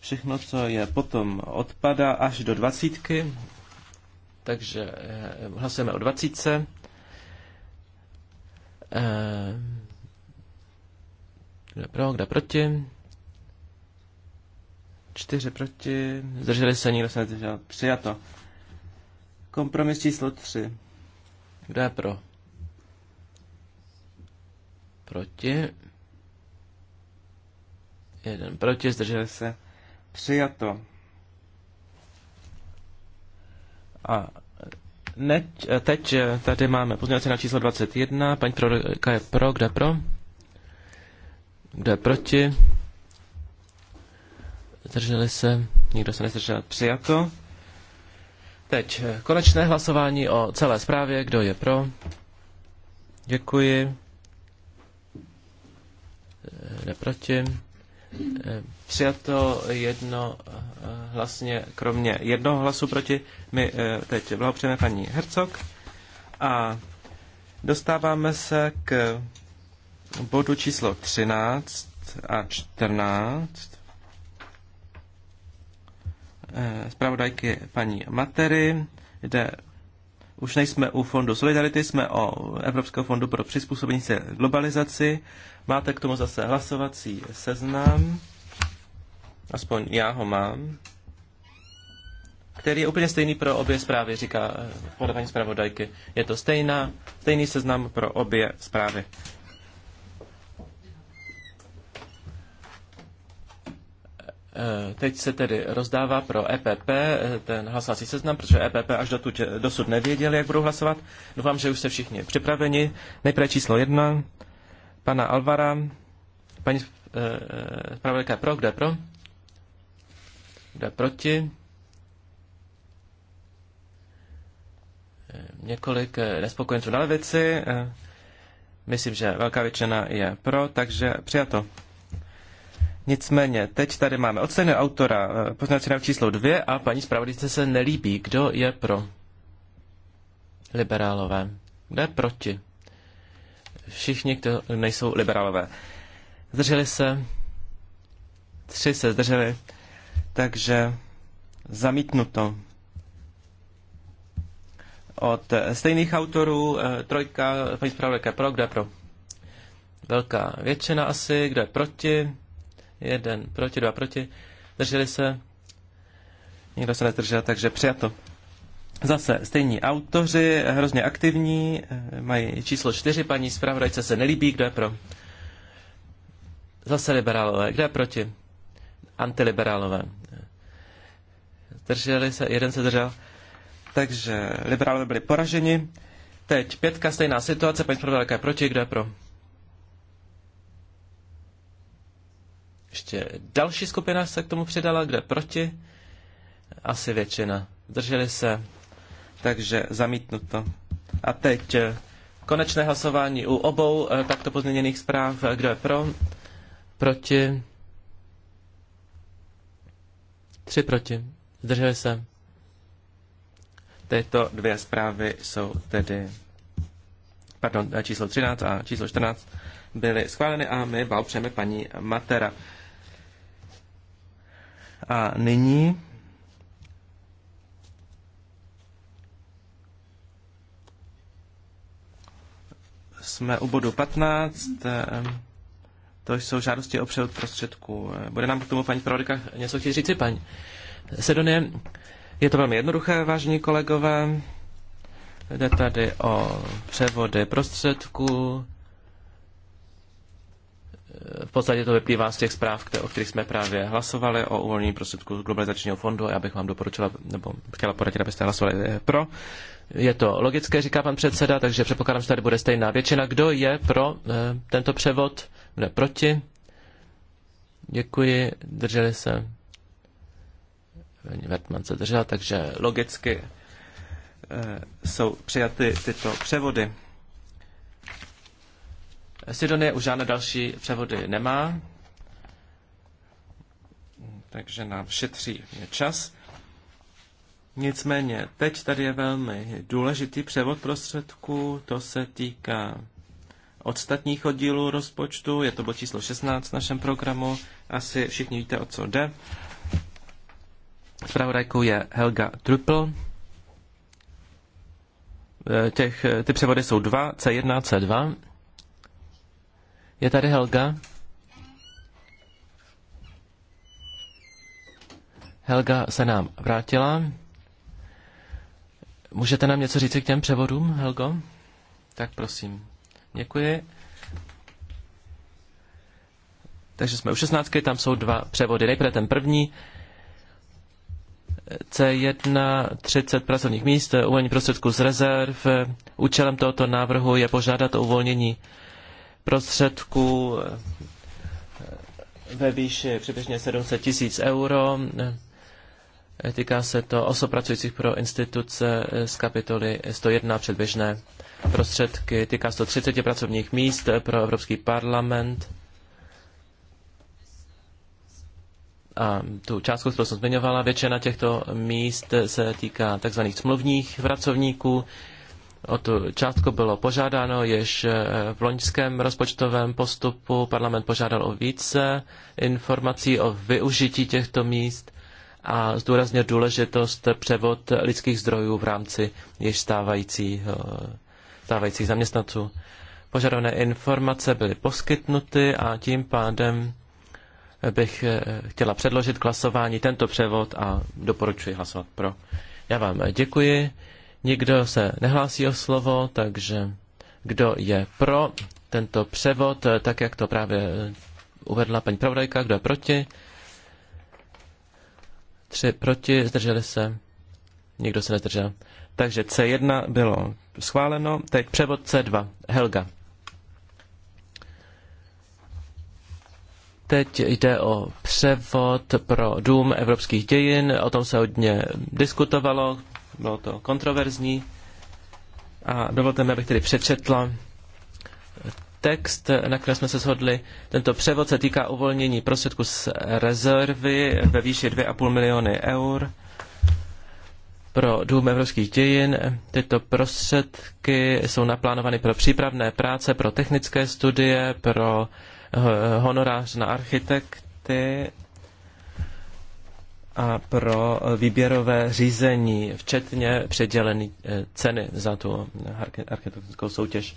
všechno, co je potom, odpadá až do dvacítky. Takže eh, hlasujeme o dvacítce. Eh, kdo pro, kdo proti? Čtyři proti. Zdrželi se, nikdo se nezdržel. Přijato. Kompromis číslo tři. Kdo je pro? Proti. Jeden proti, zdrželi se. Přijato. A ne, eh, teď eh, tady máme pozměňovací na číslo 21. Paní Prorka je pro, kde pro? Kde proti? Zdrželi se, nikdo se nezdržel, přijato. Teď eh, konečné hlasování o celé zprávě, kdo je pro. Děkuji ne proti. E, přijato jedno e, hlasně, kromě jednoho hlasu proti, my e, teď blahopřejeme paní Hercog a dostáváme se k bodu číslo 13 a 14 zpravodajky paní Matery. Jde už nejsme u Fondu Solidarity, jsme o Evropského fondu pro přizpůsobení se globalizaci. Máte k tomu zase hlasovací seznam, aspoň já ho mám, který je úplně stejný pro obě zprávy, říká eh, podle paní zpravodajky. Je to stejná, stejný seznam pro obě zprávy. Eh, teď se tedy rozdává pro EPP eh, ten hlasovací seznam, protože EPP až do tuť, eh, dosud nevěděli, jak budou hlasovat. Doufám, že už jste všichni připraveni. Nejprve číslo jedna, pana Alvara, paní zpravodajka pro, kde pro? Kde proti? Několik nespokojenců na levici. Myslím, že velká většina je pro, takže přijato. Nicméně, teď tady máme oceny autora eh, poznací návrh číslo dvě a paní zpravodajce se nelíbí. Kdo je pro? Liberálové. Kdo je proti? Všichni, kdo nejsou liberálové. Zdrželi se. Tři se zdrželi. Takže zamítnuto. Od stejných autorů eh, trojka, paní zpravodajka pro, kdo je pro? Velká většina asi, kdo je proti? jeden proti, dva proti, drželi se, nikdo se nezdržel, takže přijato. Zase stejní autoři, hrozně aktivní, mají číslo čtyři, paní zpravodajce se nelíbí, kdo je pro. Zase liberálové, kdo je proti? Antiliberálové. Drželi se, jeden se držel. Takže liberálové byli poraženi. Teď pětka, stejná situace, paní zpravodajka je proti, kdo je pro? Ještě další skupina se k tomu přidala, kde proti. Asi většina. Drželi se. Takže zamítnuto. A teď eh, konečné hlasování u obou eh, takto pozměněných zpráv. Eh, kdo je pro? Proti? Tři proti. Zdrželi se. Tyto dvě zprávy jsou tedy pardon, číslo 13 a číslo 14 byly schváleny a my blahopřejeme paní Matera. A nyní jsme u bodu 15. Ehm, to jsou žádosti o převod prostředků. Ehm, bude nám k tomu paní Prodika něco chtít říct, paní Sedonie? Je to velmi jednoduché, vážení kolegové. Jde tady o převody prostředků v podstatě to vyplývá z těch zpráv, které, o kterých jsme právě hlasovali, o uvolnění prostředků globalizačního fondu. Já bych vám doporučila, nebo chtěla poradit, abyste hlasovali eh, pro. Je to logické, říká pan předseda, takže předpokládám, že tady bude stejná většina. Kdo je pro eh, tento převod? Kdo je proti? Děkuji, drželi se. Vertman se držel, takže logicky eh, jsou přijaty tyto převody. Sidonie už žádné další převody nemá, takže nám šetří čas. Nicméně, teď tady je velmi důležitý převod prostředků, to se týká ostatních oddílů rozpočtu, je to bod číslo 16 v našem programu, asi všichni víte, o co jde. Spravodajkou je Helga Trupl. E, těch, e, ty převody jsou dva, C1, C2. Je tady Helga? Helga se nám vrátila. Můžete nám něco říct k těm převodům, Helgo? Tak prosím. Děkuji. Takže jsme u 16, tam jsou dva převody. Nejprve ten první, C1, 30 pracovních míst, uvolnění prostředků z rezerv. Účelem tohoto návrhu je požádat o uvolnění prostředků eh, ve výši přibližně 700 tisíc euro. Týká se to osob pracujících pro instituce z kapitoly 101 předběžné prostředky. Týká se to 30 pracovních míst pro Evropský parlament. A tu částku, kterou jsem zmiňovala, většina těchto míst se týká tzv. smluvních pracovníků. O tu částku bylo požádáno již eh, v loňském rozpočtovém postupu. Parlament požádal o více informací o využití těchto míst a zdůraznil důležitost převod lidských zdrojů v rámci již stávajících, eh, stávajících zaměstnanců. Požadované informace byly poskytnuty a tím pádem bych eh, chtěla předložit k hlasování tento převod a doporučuji hlasovat pro. Já vám děkuji. Nikdo se nehlásí o slovo, takže kdo je pro tento převod, eh, tak jak to právě eh, uvedla paní pravodajka, kdo je proti? Tři proti, zdrželi se. Nikdo se nezdržel. Takže C1 bylo schváleno, teď převod C2. Helga. Teď jde o převod pro Dům evropských dějin, o tom se hodně diskutovalo, bylo to kontroverzní. A dovolte mi, abych tedy přečetla text, na kterém jsme se shodli. Tento převod se týká uvolnění prostředků z rezervy ve výši 2,5 miliony eur pro Dům evropských dějin. Tyto prostředky jsou naplánovány pro přípravné práce, pro technické studie, pro honorář na architekty a pro výběrové řízení, včetně předělené eh, ceny za tu architektonickou soutěž.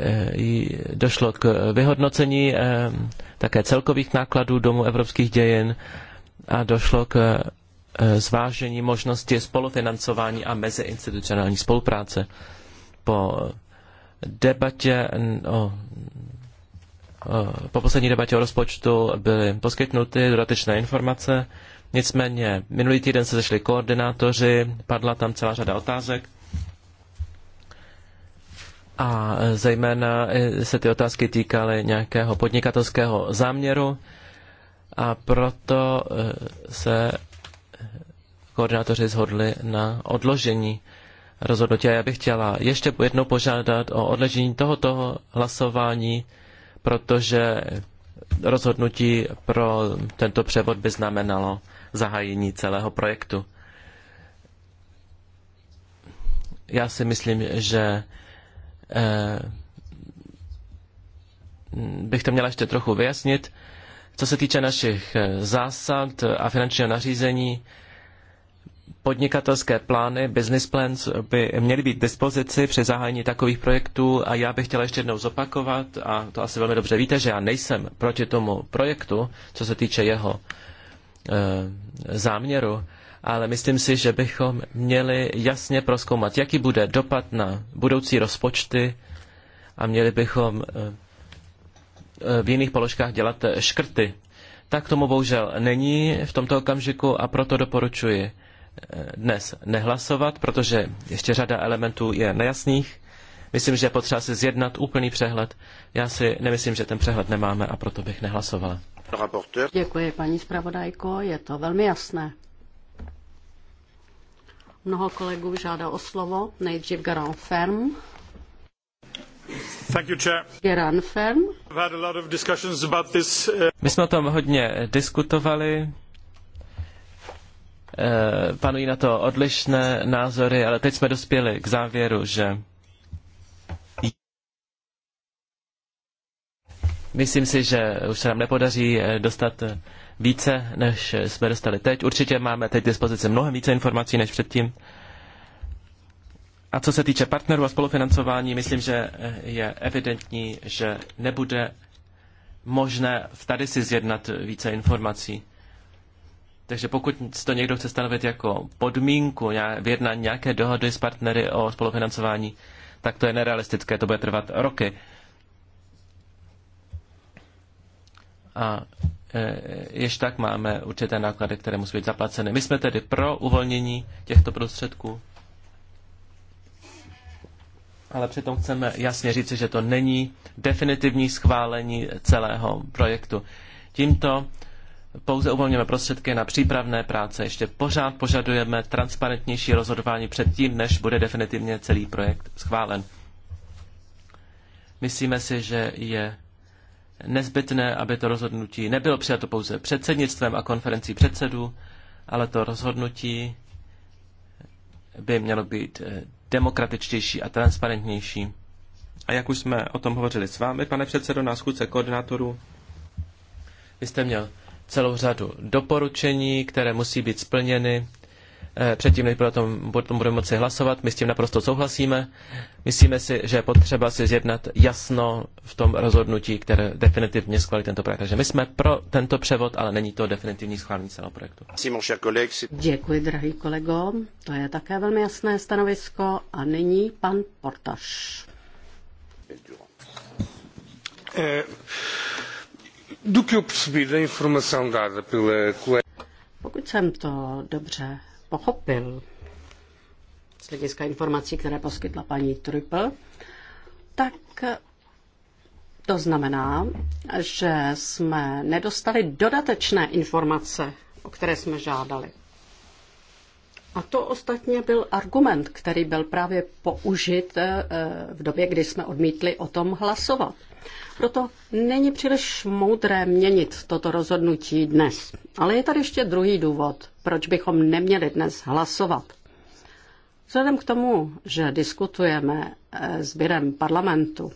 Eh, došlo k vyhodnocení eh, také celkových nákladů Domu evropských dějin a došlo k zvážení možnosti spolufinancování a meziinstitucionální spolupráce. Po debatě o Eh, po poslední debatě o rozpočtu byly poskytnuty dodatečné informace. Nicméně minulý týden se zešli koordinátoři, padla tam celá řada otázek. A eh, zejména eh, se ty otázky týkaly nějakého podnikatelského záměru a proto se koordinátoři zhodli na odložení rozhodnutí. A já bych chtěla ještě jednou požádat o odložení tohoto hlasování protože rozhodnutí pro tento převod by znamenalo zahájení celého projektu. Já si myslím, že eh, bych to měla ještě trochu vyjasnit. Co se týče našich eh, zásad a finančního nařízení, podnikatelské plány, business plans by měly být k dispozici při zahájení takových projektů a já bych chtěla ještě jednou zopakovat, a to asi velmi dobře víte, že já nejsem proti tomu projektu, co se týče jeho e, záměru, ale myslím si, že bychom měli jasně proskoumat, jaký bude dopad na budoucí rozpočty a měli bychom eh, eh, v jiných položkách dělat škrty. Tak tomu bohužel není v tomto okamžiku a proto doporučuji dnes nehlasovat, protože ještě řada elementů je nejasných. Myslím, že je potřeba si zjednat úplný přehled. Já si nemyslím, že ten přehled nemáme a proto bych nehlasovala. Děkuji, paní zpravodajko, je to velmi jasné. Mnoho kolegů žádá o slovo. Nejdřív Garant Ferm. Thank you, chair. Ferm. Uh, My jsme o tom hodně diskutovali. Eh, panují na to odlišné názory, ale teď jsme dospěli k závěru, že Myslím si, že už se nám nepodaří eh, dostat eh, více, než jsme dostali teď. Určitě máme teď dispozici mnohem více informací než předtím. A co se týče partnerů a spolufinancování, myslím, že je evidentní, že nebude možné tady si zjednat více informací. Takže pokud to někdo chce stanovit jako podmínku vyjednání nějaké dohody s partnery o spolufinancování, tak to je nerealistické, to bude trvat roky. A e, ještě tak máme určité náklady, které musí být zaplaceny. My jsme tedy pro uvolnění těchto prostředků, ale přitom chceme jasně říci, že to není definitivní schválení celého projektu. Tímto pouze uvolňujeme prostředky na přípravné práce. Ještě pořád požadujeme transparentnější rozhodování předtím, než bude definitivně celý projekt schválen. Myslíme si, že je nezbytné, aby to rozhodnutí nebylo přijato pouze předsednictvem a konferencí předsedů, ale to rozhodnutí by mělo být eh, demokratičtější a transparentnější. A jak už jsme o tom hovořili s vámi, pane předsedo, na schůdce koordinátorů, vy jste měl celou řadu doporučení, které musí být splněny eh, předtím, než o tom, budeme moci hlasovat. My s tím naprosto souhlasíme. Myslíme si, že je potřeba si zjednat jasno v tom rozhodnutí, které definitivně schválí tento projekt. Takže my jsme pro tento převod, ale není to definitivní schválení celého projektu. Děkuji, drahý kolego. To je také velmi jasné stanovisko. A nyní pan Portaš. Eh, do que eu percebi da informação dada pela colega... Pokud jsem to dobře pochopil, z hlediska informací, které poskytla paní Trupl, tak to znamená, že jsme nedostali dodatečné informace, o které jsme žádali. A to ostatně byl argument, který byl právě použit eh, eh, v době, kdy jsme odmítli o tom hlasovat. Proto není příliš moudré měnit toto rozhodnutí dnes. Ale je tady ještě druhý důvod, proč bychom neměli dnes hlasovat. Vzhledem k tomu, že diskutujeme eh, s Birem parlamentu,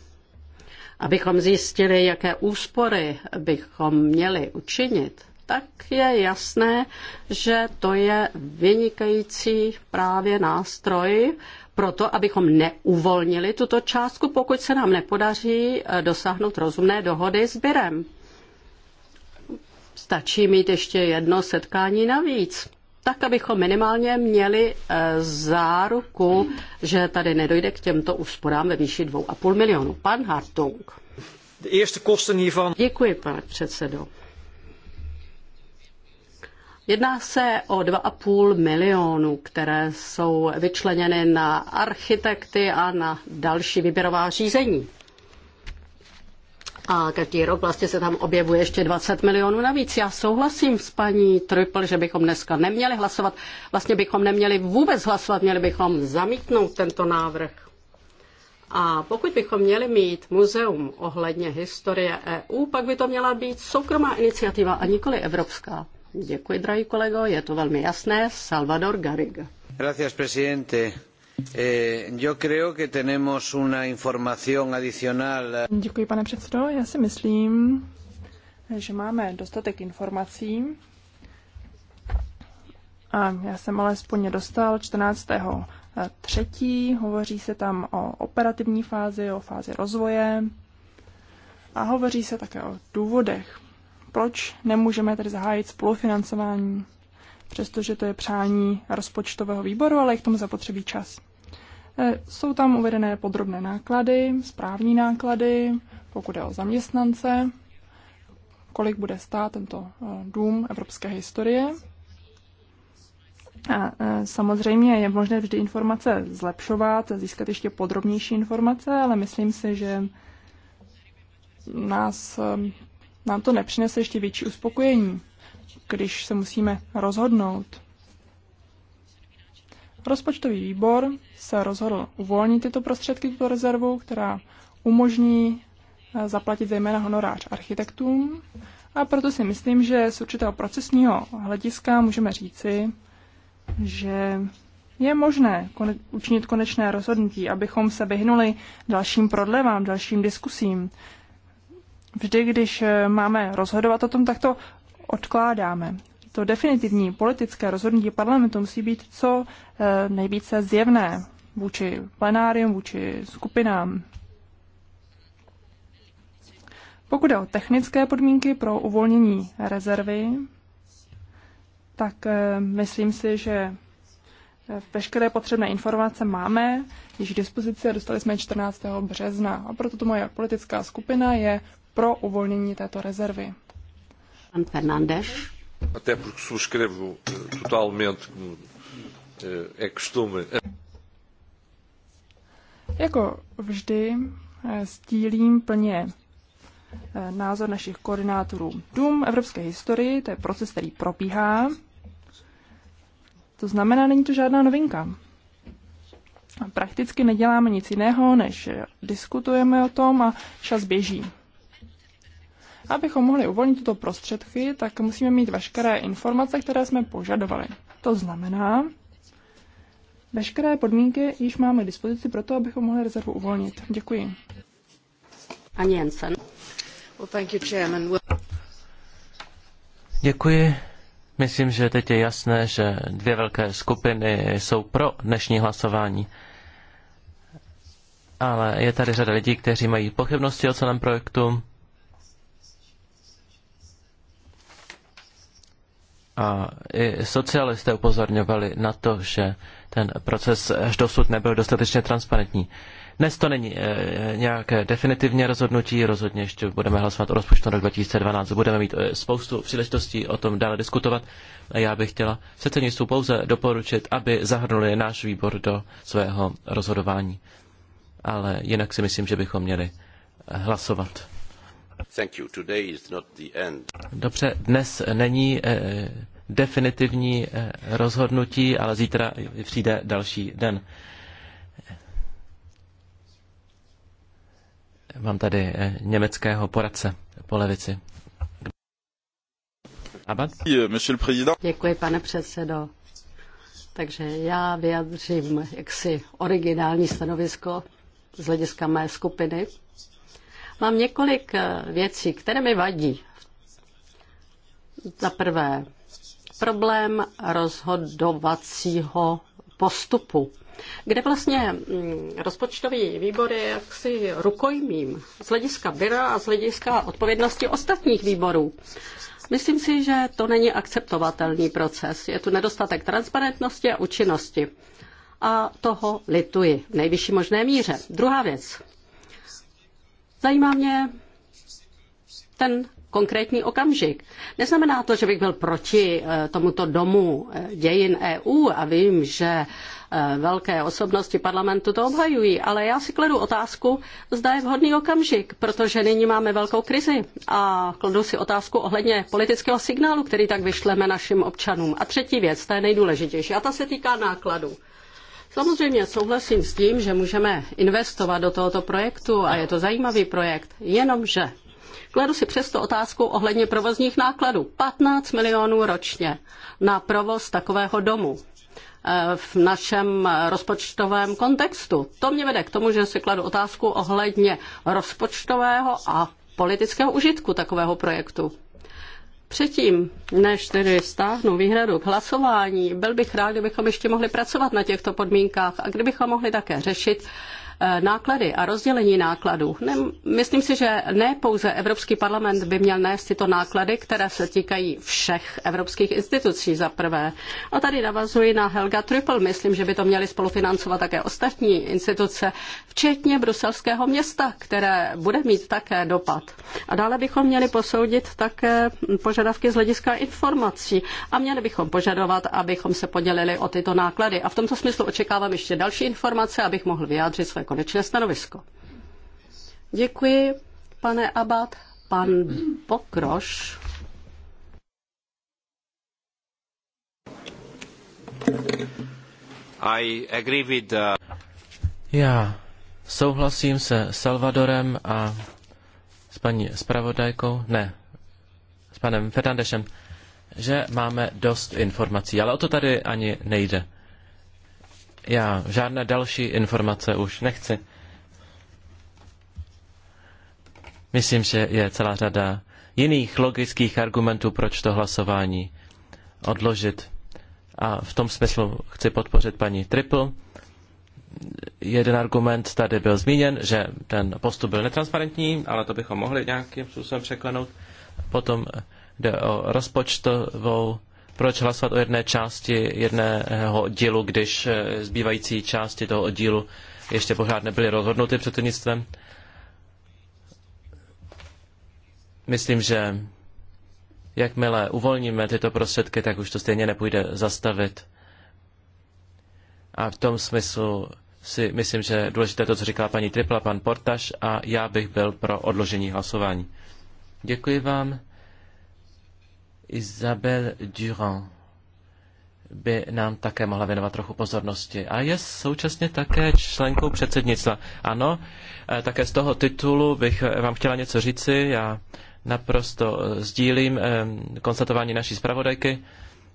abychom zjistili, jaké úspory bychom měli učinit, tak je jasné, že to je vynikající právě nástroj pro to, abychom neuvolnili tuto částku, pokud se nám nepodaří eh, dosáhnout rozumné dohody s Birem. Stačí mít ještě jedno setkání navíc, tak abychom minimálně měli eh, záruku, že tady nedojde k těmto úsporám ve výši 2,5 milionu. Pan Hartung. Děkuji, pane předsedo. Jedná se o 2,5 milionu, které jsou vyčleněny na architekty a na další výběrová řízení. A každý rok vlastně se tam objevuje ještě 20 milionů navíc. Já souhlasím s paní Trypl, že bychom dneska neměli hlasovat. Vlastně bychom neměli vůbec hlasovat, měli bychom zamítnout tento návrh. A pokud bychom měli mít muzeum ohledně historie EU, pak by to měla být soukromá iniciativa a nikoli evropská. Děkuji, drahý kolego, je to velmi jasné. Salvador Garriga. Gracias, presidente. Eh, Děkuji, pane předsedo. Já si myslím, že máme dostatek informací. A já jsem alespoň dostal 14. třetí. Hovoří se tam o operativní fázi, o fázi rozvoje a hovoří se také o důvodech proč nemůžeme tedy zahájit spolufinancování, přestože to je přání rozpočtového výboru, ale je k tomu zapotřebí čas. E, jsou tam uvedené podrobné náklady, správní náklady, pokud je o zaměstnance, kolik bude stát tento e, dům evropské historie. A e, samozřejmě je možné vždy informace zlepšovat, získat ještě podrobnější informace, ale myslím si, že nás nám to nepřinese ještě větší uspokojení, když se musíme rozhodnout. Rozpočtový výbor se rozhodl uvolnit tyto prostředky, tuto rezervu, která umožní eh, zaplatit zejména honorář architektům. A proto si myslím, že z určitého procesního hlediska můžeme říci, že je možné kone- učinit konečné rozhodnutí, abychom se vyhnuli dalším prodlevám, dalším diskusím, vždy, když eh, máme rozhodovat o tom, tak to odkládáme. To definitivní politické rozhodnutí parlamentu musí být co eh, nejvíce zjevné vůči plenárium, vůči skupinám. Pokud je o technické podmínky pro uvolnění rezervy, tak eh, myslím si, že veškeré potřebné informace máme již k dispozici a dostali jsme 14. března. A proto to moje politická skupina je pro uvolnění této rezervy. Pan Fernandes. Até porque subscrevo eh, totalmente como eh, é costume. Jako vždy eh, sdílím plně názor našich koordinátorů. Dům evropské historii, to je proces, který probíhá. To znamená, není to žádná novinka. Prakticky neděláme nic jiného, než diskutujeme o tom a čas běží. Abychom mohli uvolnit tyto prostředky, tak musíme mít veškeré informace, které jsme požadovali. To znamená, veškeré podmínky již máme k dispozici pro to, abychom mohli rezervu uvolnit. Děkuji. Ani Jensen. Well, thank you, chairman. Děkuji. Myslím, že teď je jasné, že dvě velké skupiny jsou pro dnešní hlasování. Ale je tady řada lidí, kteří mají pochybnosti o celém projektu. A i socialisté upozorňovali na to, že ten proces až dosud nebyl dostatečně transparentní. Dnes to není e, nějaké definitivní rozhodnutí, rozhodně ještě budeme hlasovat o rozpočtu rok 2012, budeme mít e, spoustu příležitostí o tom dále diskutovat. A já bych chtěla předsednictvu pouze doporučit, aby zahrnuli náš výbor do svého rozhodování. Ale jinak si myslím, že bychom měli hlasovat. Dobře, dnes není eh, definitivní eh, rozhodnutí, ale zítra přijde další den. Mám tady eh, německého poradce po levici. Abad? Děkuji, pane předsedo. Takže já vyjadřím jaksi originální stanovisko z hlediska mé skupiny Mám několik eh, věcí, které mi vadí. Za prvé, problém rozhodovacího postupu, kde vlastně mm, rozpočtový výbor je jaksi rukojmím z hlediska byra a z hlediska odpovědnosti ostatních výborů. Myslím si, že to není akceptovatelný proces. Je tu nedostatek transparentnosti a účinnosti. A toho lituji v nejvyšší možné míře. Druhá věc. Zajímá mě ten konkrétní okamžik. Neznamená to, že bych byl proti eh, tomuto domu eh, dějin EU a vím, že eh, velké osobnosti parlamentu to obhajují, ale já si kladu otázku, zda je vhodný okamžik, protože nyní máme velkou krizi a kladu si otázku ohledně politického signálu, který tak vyšleme našim občanům. A třetí věc, ta je nejdůležitější a ta se týká nákladů. Samozřejmě souhlasím s tím, že můžeme investovat do tohoto projektu a je to zajímavý projekt, jenomže kladu si přesto otázku ohledně provozních nákladů. 15 milionů ročně na provoz takového domu eh, v našem rozpočtovém kontextu. To mě vede k tomu, že si kladu otázku ohledně rozpočtového a politického užitku takového projektu. Předtím, než tedy stáhnu výhradu k hlasování, byl bych rád, kdybychom ještě mohli pracovat na těchto podmínkách a kdybychom mohli také řešit Eh, náklady a rozdělení nákladů. Myslím si, že ne pouze Evropský parlament by měl nést tyto náklady, které se týkají všech evropských institucí za prvé. A tady navazuji na Helga Triple. Myslím, že by to měly spolufinancovat také ostatní instituce, včetně bruselského města, které bude mít také dopad. A dále bychom měli posoudit také požadavky z hlediska informací a měli bychom požadovat, abychom se podělili o tyto náklady. A v tomto smyslu očekávám ještě další informace, abych mohl vyjádřit své konečné stanovisko. Děkuji, pane Abad. Pan Pokroš. I agree with the... Uh, Já souhlasím se Salvadorem a s paní spravodajkou, ne, s panem Fernandešem, že máme dost informací, ale o to tady ani nejde. Já žádné další informace už nechci. Myslím, že je celá řada jiných logických argumentů, proč to hlasování odložit. A v tom smyslu chci podpořit paní Triple. Jeden argument tady byl zmíněn, že ten postup byl netransparentní, ale to bychom mohli nějakým způsobem překlenout. Potom jde o rozpočtovou proč hlasovat o jedné části jedného dílu, když eh, zbývající části toho dílu ještě pořád nebyly rozhodnuty předsednictvem. Myslím, že jakmile uvolníme tyto prostředky, tak už to stejně nepůjde zastavit. A v tom smyslu si myslím, že důležité to, co říká paní Tripla, pan Portaš a já bych byl pro odložení hlasování. Děkuji vám. Isabel Durand by nám také mohla věnovat trochu pozornosti. A je současně také členkou předsednictva. Ano, eh, také z toho titulu bych eh, vám chtěla něco říci. Já naprosto eh, sdílím konstatování naší zpravodajky,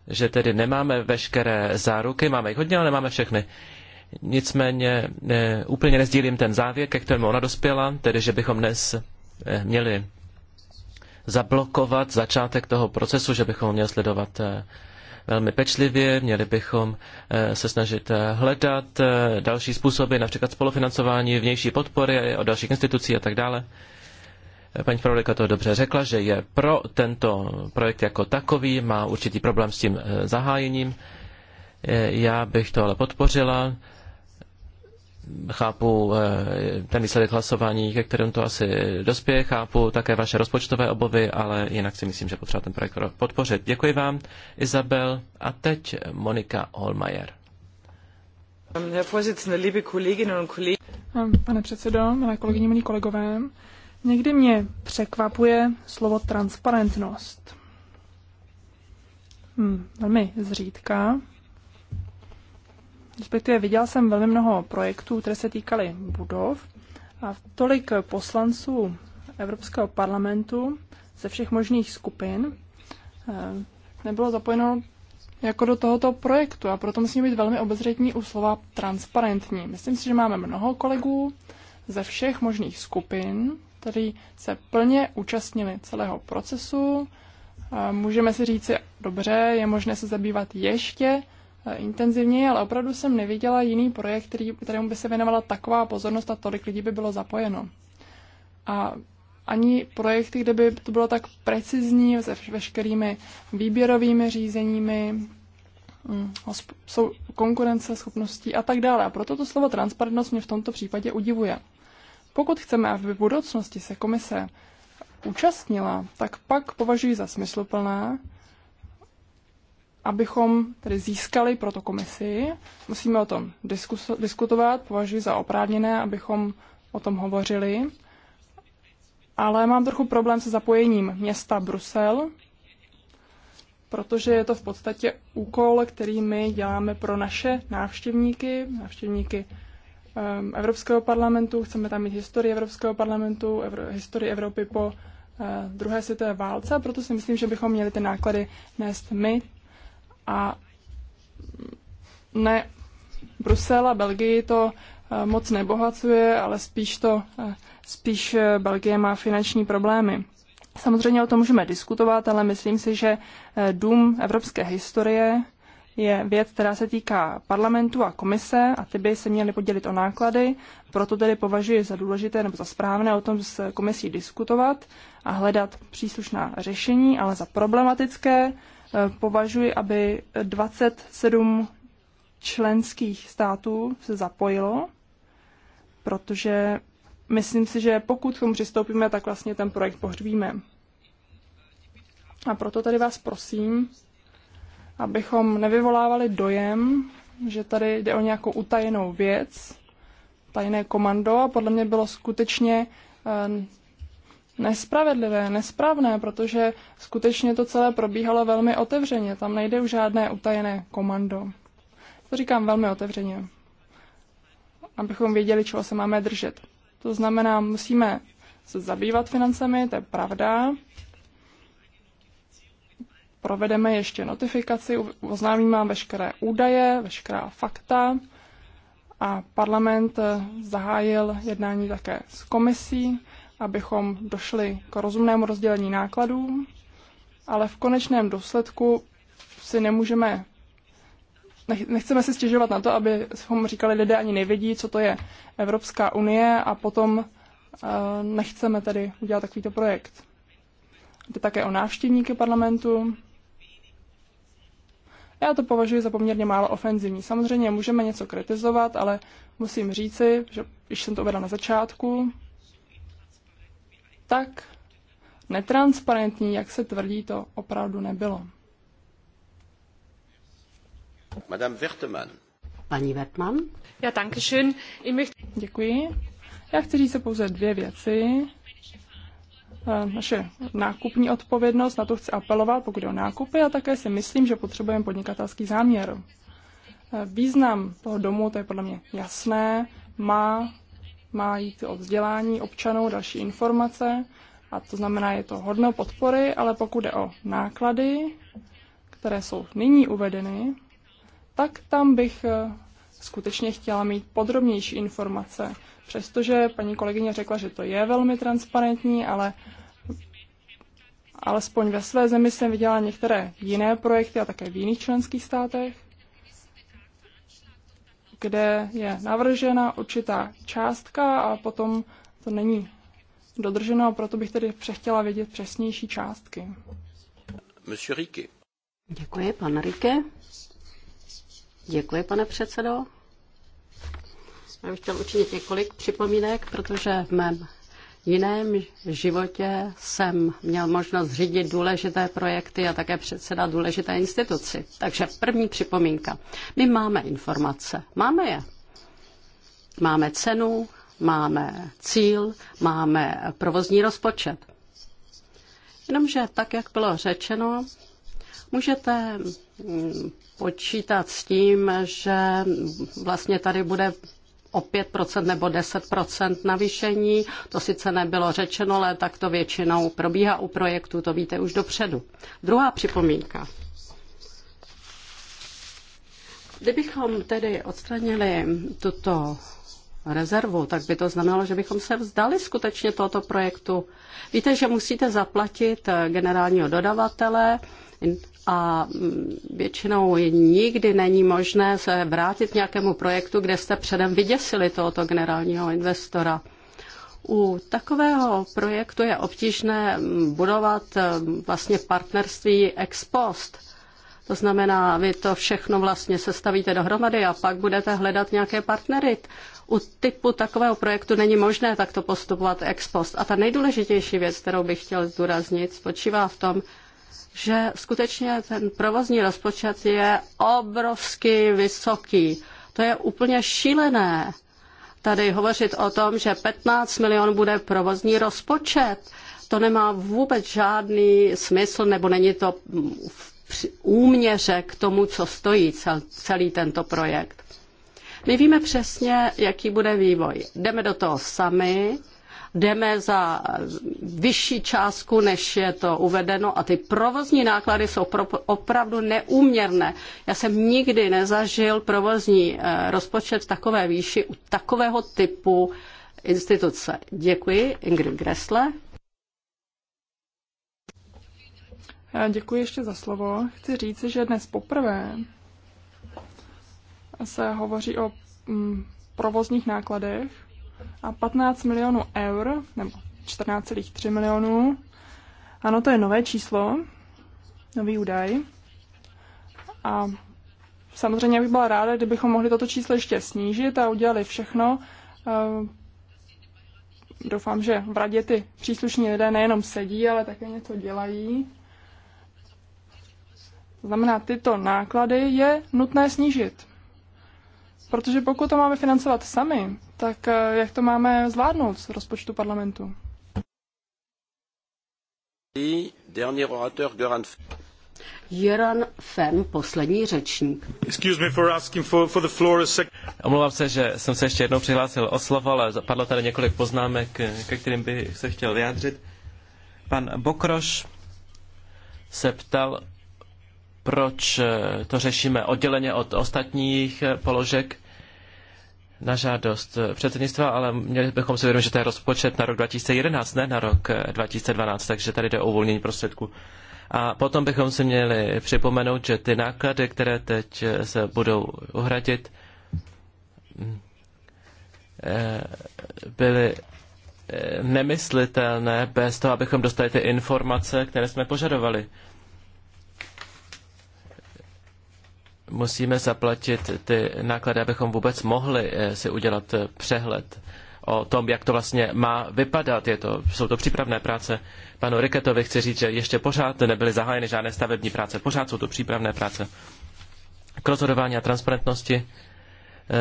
že tedy nemáme veškeré záruky, máme jich hodně, ale nemáme všechny. Nicméně úplně nezdílím ten závěr, ke kterému ona dospěla, tedy že bychom dnes měli zablokovat začátek toho procesu, že bychom měli sledovat eh, velmi pečlivě, měli bychom eh, se snažit eh, hledat další způsoby, například spolufinancování vnější podpory od dalších institucí a tak dále. Paní Prolika to dobře řekla, že je pro tento projekt jako takový, má určitý problém s tím zahájením. Já bych to ale podpořila chápu eh, ten výsledek hlasování, ke kterému to asi dospěje, chápu také vaše rozpočtové obovy, ale jinak si myslím, že potřeba ten projekt podpořit. Děkuji vám, Izabel. A teď Monika Holmajer. Ehm, pane předsedo, milé kolegyně, milí kolegové, někdy mě překvapuje slovo transparentnost. Hmm, velmi zřídka, respektive viděla jsem velmi mnoho projektů, které se týkaly budov a tolik poslanců Evropského parlamentu ze všech možných skupin eh, nebylo zapojeno jako do tohoto projektu a proto musíme být velmi obezřetní u slova transparentní. Myslím si, že máme mnoho kolegů ze všech možných skupin, kteří se plně účastnili celého procesu. Eh, můžeme si říci, dobře, je možné se zabývat ještě Eh, intenzivněji, ale opravdu jsem neviděla jiný projekt, který, kterému by se věnovala taková pozornost a tolik lidí by bylo zapojeno. A ani projekty, kde by to bylo tak precizní se veškerými výběrovými řízeními, mm, jsou konkurence, schopností a tak dále. A proto to slovo transparentnost mě v tomto případě udivuje. Pokud chceme, aby v budoucnosti se komise účastnila, tak pak považuji za smysluplné, abychom tedy získali pro to komisi, musíme o tom diskuso- diskutovat, považuji za oprávněné, abychom o tom hovořili, ale mám trochu problém se zapojením města Brusel, protože je to v podstatě úkol, který my děláme pro naše návštěvníky, návštěvníky um, Evropského parlamentu, chceme tam mít historii Evropského parlamentu, Evro, historii Evropy po uh, druhé světové válce, proto si myslím, že bychom měli ty náklady nést my, a ne, Brusel a Belgii to eh, moc nebohacuje, ale spíš, to, eh, spíš eh, Belgie má finanční problémy. Samozřejmě o tom můžeme diskutovat, ale myslím si, že dům evropské historie je věc, která se týká parlamentu a komise a ty by se měly podělit o náklady. Proto tedy považuji za důležité nebo za správné o tom s komisí diskutovat a hledat příslušná řešení, ale za problematické Eh, považuji, aby 27 členských států se zapojilo, protože myslím si, že pokud k tomu přistoupíme, tak vlastně ten projekt pohřbíme. A proto tady vás prosím, abychom nevyvolávali dojem, že tady jde o nějakou utajenou věc, tajné komando a podle mě bylo skutečně eh, nespravedlivé, nesprávné, protože skutečně to celé probíhalo velmi otevřeně. Tam nejde už žádné utajené komando. To říkám velmi otevřeně, abychom věděli, čeho se máme držet. To znamená, musíme se zabývat financemi, to je pravda. Provedeme ještě notifikaci, oznámíme vám veškeré údaje, veškerá fakta a parlament eh, zahájil jednání také s komisí abychom došli k rozumnému rozdělení nákladů, ale v konečném důsledku si nemůžeme, nechceme si stěžovat na to, aby jsme říkali lidé ani nevědí, co to je Evropská unie a potom eh, nechceme tady udělat takovýto projekt. Jde také o návštěvníky parlamentu. Já to považuji za poměrně málo ofenzivní. Samozřejmě můžeme něco kritizovat, ale musím říci, že když jsem to uvedla na začátku, tak netransparentní, jak se tvrdí, to opravdu nebylo. Madame Wertmann. Paní Wertmann. Ja, danke schön. Ich möchte... Děkuji. Já chci říct se pouze dvě věci. Eh, naše nákupní odpovědnost, na to chci apelovat, pokud je o nákupy, a také si myslím, že potřebujeme podnikatelský záměr. Eh, význam toho domu, to je podle mě jasné, má má jít o vzdělání občanů, další informace, a to znamená, je to hodno podpory, ale pokud jde o náklady, které jsou nyní uvedeny, tak tam bych eh, skutečně chtěla mít podrobnější informace. Přestože paní kolegyně řekla, že to je velmi transparentní, ale alespoň ve své zemi jsem viděla některé jiné projekty a také v jiných členských státech, kde je navržena určitá částka a potom to není dodrženo a proto bych tedy přechtěla vědět přesnější částky. Monsieur Ricky. Děkuji, pan Rike. Děkuji, pane předsedo. Já bych chtěl učinit několik připomínek, protože v mém jiném životě jsem měl možnost řídit důležité projekty a také předseda důležité instituci. Takže první připomínka. My máme informace. Máme je. Máme cenu, máme cíl, máme provozní rozpočet. Jenomže tak, jak bylo řečeno, můžete mm, počítat s tím, že vlastně tady bude o 5% nebo 10% navýšení. To sice nebylo řečeno, ale tak to většinou probíhá u projektů, to víte už dopředu. Druhá připomínka. Kdybychom tedy odstranili tuto rezervu, tak by to znamenalo, že bychom se vzdali skutečně tohoto projektu. Víte, že musíte zaplatit generálního dodavatele, a většinou nikdy není možné se vrátit k nějakému projektu, kde jste předem vyděsili tohoto generálního investora. U takového projektu je obtížné budovat eh, vlastně partnerství ex post. To znamená, vy to všechno vlastně sestavíte dohromady a pak budete hledat nějaké partnery. U typu takového projektu není možné takto postupovat ex post. A ta nejdůležitější věc, kterou bych chtěl zdůraznit, spočívá v tom, že skutečně ten provozní rozpočet je obrovsky vysoký. To je úplně šílené. Tady hovořit o tom, že 15 milionů bude provozní rozpočet, to nemá vůbec žádný smysl, nebo není to v úměře k tomu, co stojí celý tento projekt. My víme přesně, jaký bude vývoj. Jdeme do toho sami, jdeme za vyšší částku, než je to uvedeno a ty provozní náklady jsou opravdu neuměrné. Já jsem nikdy nezažil provozní eh, rozpočet v takové výši u takového typu instituce. Děkuji, Ingrid Gressle. Já děkuji ještě za slovo. Chci říct, že dnes poprvé se hovoří o mm, provozních nákladech a 15 milionů eur, nebo 14,3 milionů. Ano, to je nové číslo, nový údaj. A samozřejmě bych byla ráda, kdybychom mohli toto číslo ještě snížit a udělali všechno. Eh, doufám, že v radě ty příslušní lidé nejenom sedí, ale také něco dělají. To znamená, tyto náklady je nutné snížit. Protože pokud to máme financovat sami, tak eh, jak to máme zvládnout z rozpočtu parlamentu? Jeran Fem, poslední řečník. Excuse me for asking for, for the floor a sec- Omlouvám se, že jsem se ještě jednou přihlásil o slovo, ale zapadlo tady několik poznámek, eh, ke kterým bych se chtěl vyjádřit. Pan Bokroš se ptal, proč eh, to řešíme odděleně od ostatních položek na žádost předsednictva, ale měli bychom si vědomit, že to je rozpočet na rok 2011, ne na rok 2012, eh, takže tady jde o uvolnění prostředků. A potom bychom si měli připomenout, že ty náklady, které teď eh, se budou uhradit, mm, eh, byly nemyslitelné bez toho, abychom dostali ty informace, které jsme požadovali. musíme zaplatit ty náklady, abychom vůbec mohli eh, si udělat eh, přehled o tom, jak to vlastně má vypadat. Je to, jsou to přípravné práce. Panu Riketovi chci říct, že ještě pořád nebyly zahájeny žádné stavební práce. Pořád jsou to přípravné práce. K rozhodování a transparentnosti,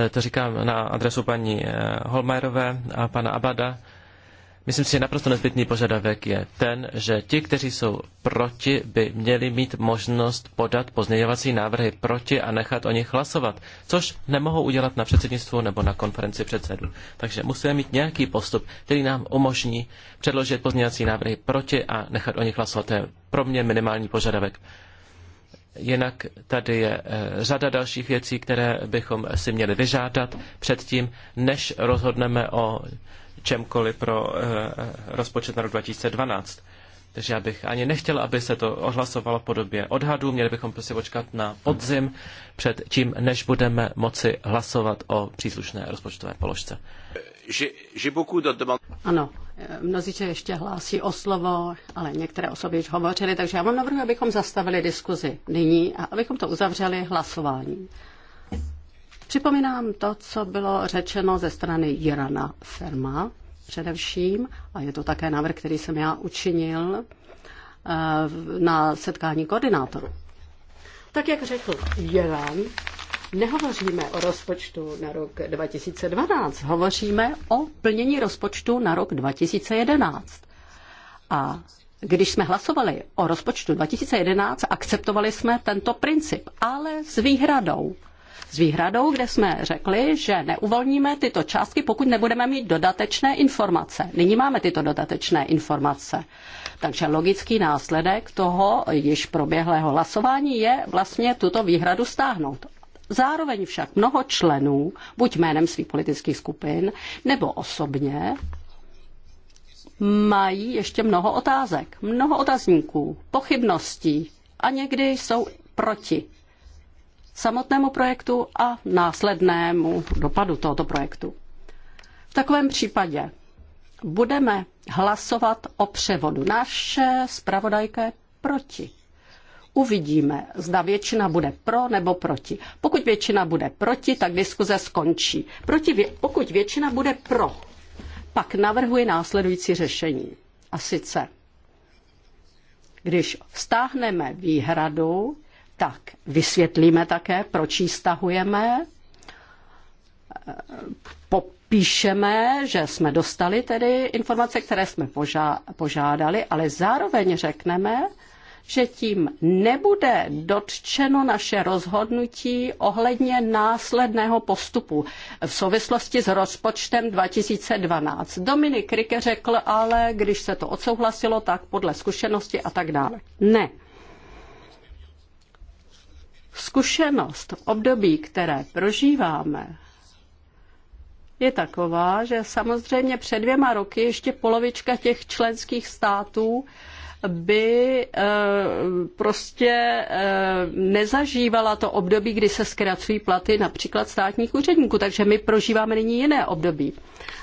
eh, to říkám na adresu paní Holmajerové a pana Abada, Myslím si, že naprosto nezbytný požadavek je ten, že ti, kteří jsou proti, by měli mít možnost podat pozměňovací návrhy proti a nechat o nich hlasovat, což nemohou udělat na předsednictvu nebo na konferenci předsedů. Takže musíme mít nějaký postup, který nám umožní předložit pozměňovací návrhy proti a nechat o nich hlasovat. To je pro mě minimální požadavek. Jinak tady je eh, řada dalších věcí, které bychom si měli vyžádat předtím, než rozhodneme o čemkoliv pro eh, eh, rozpočet na rok 2012. Takže já bych ani nechtěl, aby se to ohlasovalo v podobě odhadů. Měli bychom prostě počkat na podzim před tím, než budeme moci hlasovat o příslušné rozpočtové položce. Ano, mnozí se ještě hlásí o slovo, ale některé osoby již hovořily, takže já vám navrhuji, abychom zastavili diskuzi nyní a abychom to uzavřeli hlasováním. Připomínám to, co bylo řečeno ze strany Jirana Ferma především, a je to také návrh, který jsem já učinil eh, na setkání koordinátorů. Tak jak řekl Jiran, nehovoříme o rozpočtu na rok 2012, hovoříme o plnění rozpočtu na rok 2011. A když jsme hlasovali o rozpočtu 2011, akceptovali jsme tento princip, ale s výhradou, s výhradou, kde jsme řekli, že neuvolníme tyto částky, pokud nebudeme mít dodatečné informace. Nyní máme tyto dodatečné informace. Takže logický následek toho již proběhlého hlasování je vlastně tuto výhradu stáhnout. Zároveň však mnoho členů, buď jménem svých politických skupin, nebo osobně, mají ještě mnoho otázek, mnoho otazníků, pochybností a někdy jsou proti samotnému projektu a následnému dopadu tohoto projektu. V takovém případě budeme hlasovat o převodu. Naše zpravodajka je proti. Uvidíme, zda většina bude pro nebo proti. Pokud většina bude proti, tak diskuze skončí. Proti, pokud většina bude pro, pak navrhuji následující řešení. A sice, když stáhneme výhradu, tak vysvětlíme také, proč ji stahujeme. Popíšeme, že jsme dostali tedy informace, které jsme požádali, ale zároveň řekneme, že tím nebude dotčeno naše rozhodnutí ohledně následného postupu v souvislosti s rozpočtem 2012. Dominik Rike řekl ale, když se to odsouhlasilo, tak podle zkušenosti a tak dále. Ne. Zkušenost v období, které prožíváme, je taková, že samozřejmě před dvěma roky ještě polovička těch členských států by eh, prostě eh, nezažívala to období, kdy se zkracují platy například státních úředníků, takže my prožíváme nyní jiné období.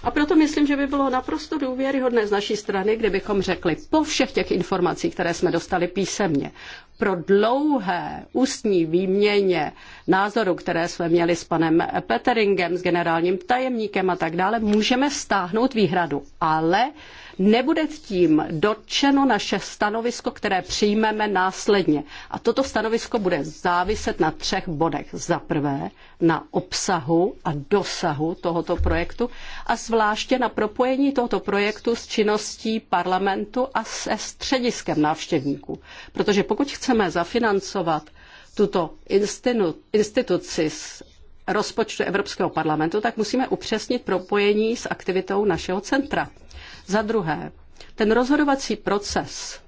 A proto myslím, že by bylo naprosto důvěryhodné z naší strany, kdybychom řekli po všech těch informacích, které jsme dostali písemně, pro dlouhé ústní výměně názorů, které jsme měli s panem Peteringem, s generálním tajemníkem a tak dále, můžeme stáhnout výhradu. Ale Nebude tím dotčeno naše stanovisko, které přijmeme následně. A toto stanovisko bude záviset na třech bodech. Za prvé na obsahu a dosahu tohoto projektu a zvláště na propojení tohoto projektu s činností parlamentu a se střediskem návštěvníků. Protože pokud chceme zafinancovat tuto instituci z rozpočtu Evropského parlamentu, tak musíme upřesnit propojení s aktivitou našeho centra. Za druhé, ten rozhodovací proces.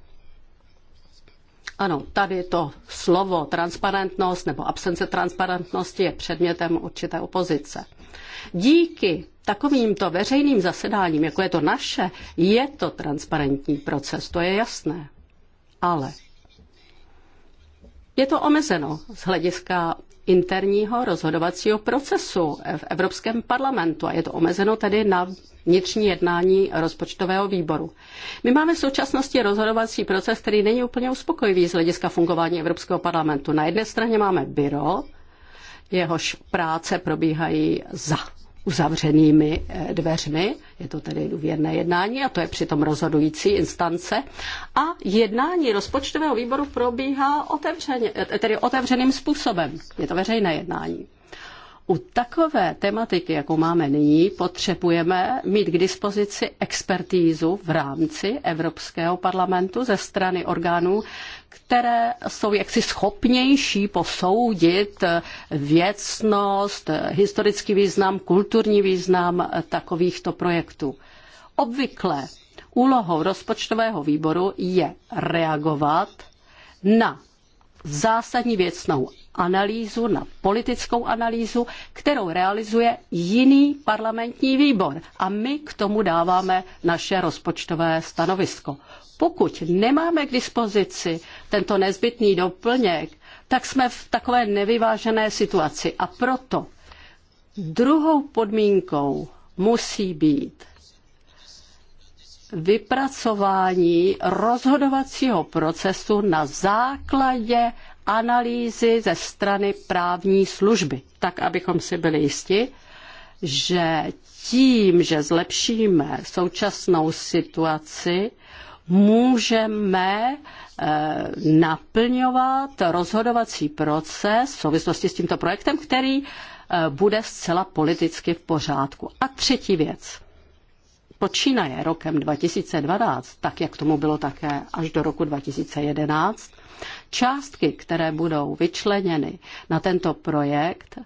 Ano, tady to slovo transparentnost nebo absence transparentnosti je předmětem určité opozice. Díky takovýmto veřejným zasedáním, jako je to naše, je to transparentní proces, to je jasné. Ale je to omezeno z hlediska interního rozhodovacího procesu v Evropském parlamentu a je to omezeno tedy na vnitřní jednání rozpočtového výboru. My máme v současnosti rozhodovací proces, který není úplně uspokojivý z hlediska fungování Evropského parlamentu. Na jedné straně máme byro, jehož práce probíhají za uzavřenými eh, dveřmi, je to tedy důvěrné jednání a to je přitom rozhodující instance. A jednání rozpočtového výboru probíhá otevřeně, eh, tedy otevřeným způsobem. Je to veřejné jednání. U takové tematiky, jako máme nyní, potřebujeme mít k dispozici expertízu v rámci Evropského parlamentu ze strany orgánů, které jsou jaksi schopnější posoudit věcnost, historický význam, kulturní význam takovýchto projektů. Obvykle úlohou rozpočtového výboru je reagovat na zásadní věcnou analýzu, na politickou analýzu, kterou realizuje jiný parlamentní výbor. A my k tomu dáváme naše rozpočtové stanovisko. Pokud nemáme k dispozici tento nezbytný doplněk, tak jsme v takové nevyvážené situaci. A proto druhou podmínkou musí být vypracování rozhodovacího procesu na základě analýzy ze strany právní služby, tak abychom si byli jisti, že tím, že zlepšíme současnou situaci, můžeme eh, naplňovat rozhodovací proces v souvislosti s tímto projektem, který eh, bude zcela politicky v pořádku. A třetí věc počínaje rokem 2012, tak jak tomu bylo také až do roku 2011, částky, které budou vyčleněny na tento projekt,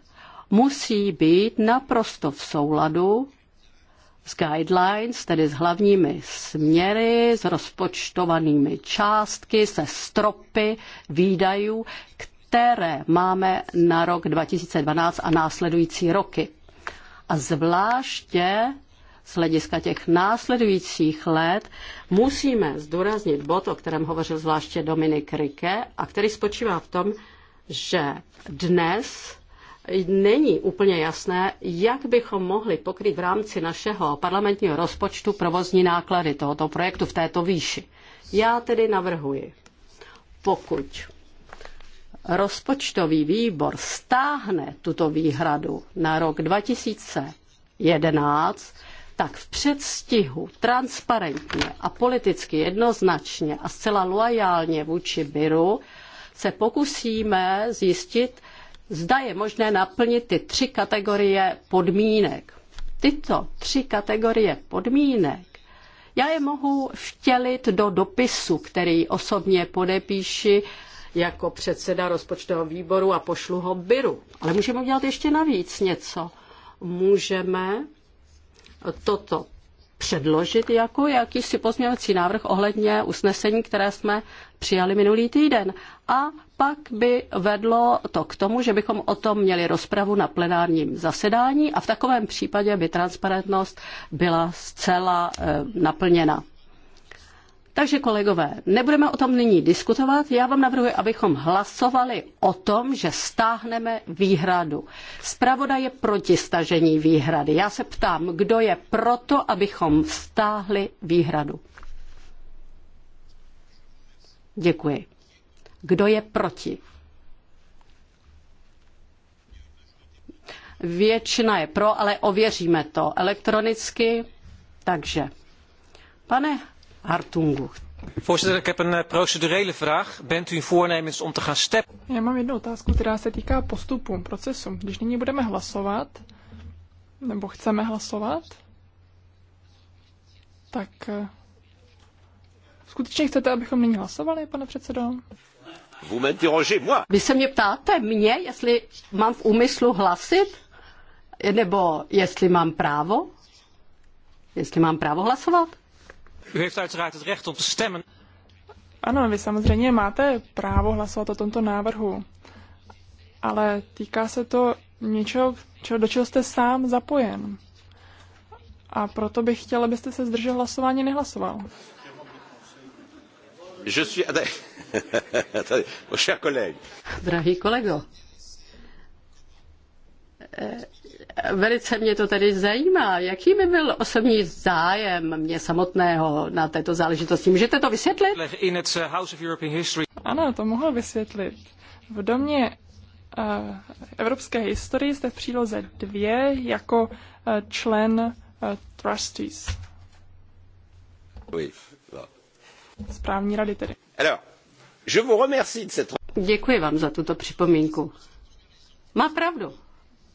musí být naprosto v souladu s guidelines, tedy s hlavními směry, s rozpočtovanými částky, se stropy výdajů, které máme na rok 2012 a následující roky. A zvláště z hlediska těch následujících let musíme zdůraznit bod, o kterém hovořil zvláště Dominik Rike a který spočívá v tom, že dnes není úplně jasné, jak bychom mohli pokryt v rámci našeho parlamentního rozpočtu provozní náklady tohoto projektu v této výši. Já tedy navrhuji, pokud rozpočtový výbor stáhne tuto výhradu na rok 2011, tak v předstihu transparentně a politicky jednoznačně a zcela loajálně vůči Biru se pokusíme zjistit, zda je možné naplnit ty tři kategorie podmínek. Tyto tři kategorie podmínek já je mohu vtělit do dopisu, který osobně podepíši jako předseda rozpočtového výboru a pošlu ho Biru. Ale můžeme udělat ještě navíc něco. Můžeme toto předložit jako jakýsi pozměňovací návrh ohledně usnesení, které jsme přijali minulý týden. A pak by vedlo to k tomu, že bychom o tom měli rozpravu na plenárním zasedání a v takovém případě by transparentnost byla zcela eh, naplněna. Takže kolegové, nebudeme o tom nyní diskutovat. Já vám navrhuji, abychom hlasovali o tom, že stáhneme výhradu. Spravodaj je proti stažení výhrady. Já se ptám, kdo je proto, abychom stáhli výhradu. Děkuji. Kdo je proti? Většina je pro, ale ověříme to elektronicky. Takže, pane Hartungu. Voorzitter, ik heb een eh, procedurele vraag. Bent u voornemens om te gaan stemmen? Já mám jednu otázku, která se týká postupu, procesu. Když nyní budeme hlasovat, nebo chceme hlasovat, tak eh, skutečně chcete, abychom nyní hlasovali, pane předsedo? Vy se mě ptáte, mě, jestli mám v úmyslu hlasit? Nebo jestli mám právo? Jestli mám právo hlasovat? U heeft uiteraard het recht om te stemmen. Ano, vy samozřejmě máte právo hlasovat o tomto návrhu, ale týká se to něčeho, do čeho jste sám zapojen. A proto bych chtěl, abyste se zdržel hlasování, nehlasoval. Je suis... Drahý kolego, Eh, velice mě to tedy zajímá, jaký by byl osobní zájem mě samotného na této záležitosti. Můžete to vysvětlit? Uh, ano, to mohu vysvětlit. V domě uh, evropské historie jste v příloze dvě jako uh, člen uh, trustees. Správní rady tedy. Děkuji vám za tuto připomínku. Má pravdu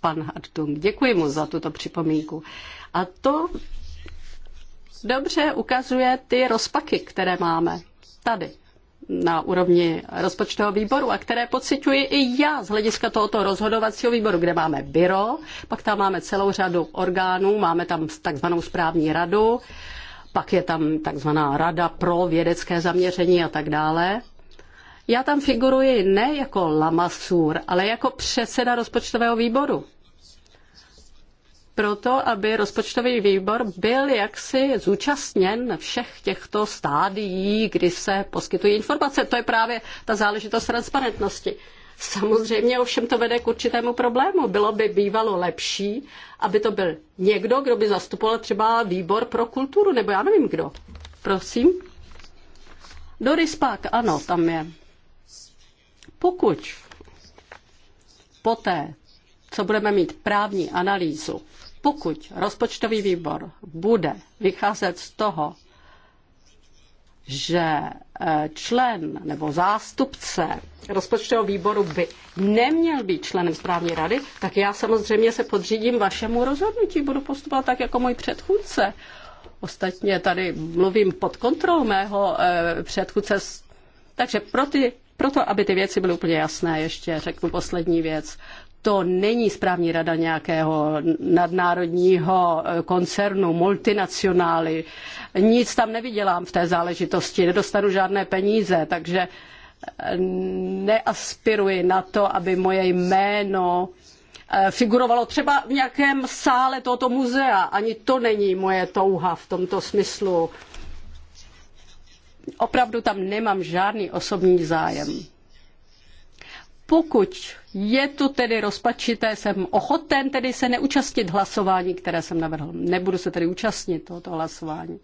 pan Hartung. Děkuji mu za tuto připomínku. A to dobře ukazuje ty rozpaky, které máme tady na úrovni rozpočtového výboru a které pociťuji i já z hlediska tohoto rozhodovacího výboru, kde máme byro, pak tam máme celou řadu orgánů, máme tam takzvanou správní radu, pak je tam takzvaná rada pro vědecké zaměření a tak dále. Já tam figuruji ne jako lamasur, ale jako předseda rozpočtového výboru proto, aby rozpočtový výbor byl jaksi zúčastněn všech těchto stádií, kdy se poskytují informace. To je právě ta záležitost transparentnosti. Samozřejmě ovšem to vede k určitému problému. Bylo by bývalo lepší, aby to byl někdo, kdo by zastupoval třeba výbor pro kulturu, nebo já nevím kdo. Prosím. Doris Pak, ano, tam je. Pokud poté, co budeme mít právní analýzu, pokud rozpočtový výbor bude vycházet z toho, že eh, člen nebo zástupce rozpočtového výboru by neměl být členem správní rady, tak já samozřejmě se podřídím vašemu rozhodnutí, budu postupovat tak jako můj předchůdce. Ostatně tady mluvím pod kontrolou mého eh, předchůdce. Takže pro ty, proto, aby ty věci byly úplně jasné, ještě řeknu poslední věc to není správní rada nějakého nadnárodního eh, koncernu, multinacionály. Nic tam nevydělám v té záležitosti, nedostanu žádné peníze, takže eh, neaspiruji na to, aby moje jméno eh, figurovalo třeba v nějakém sále tohoto muzea. Ani to není moje touha v tomto smyslu. Opravdu tam nemám žádný osobní zájem. Pokud je tu tedy rozpačité, jsem ochoten tedy se neúčastnit hlasování, které jsem navrhl. Nebudu se tedy účastnit tohoto hlasování.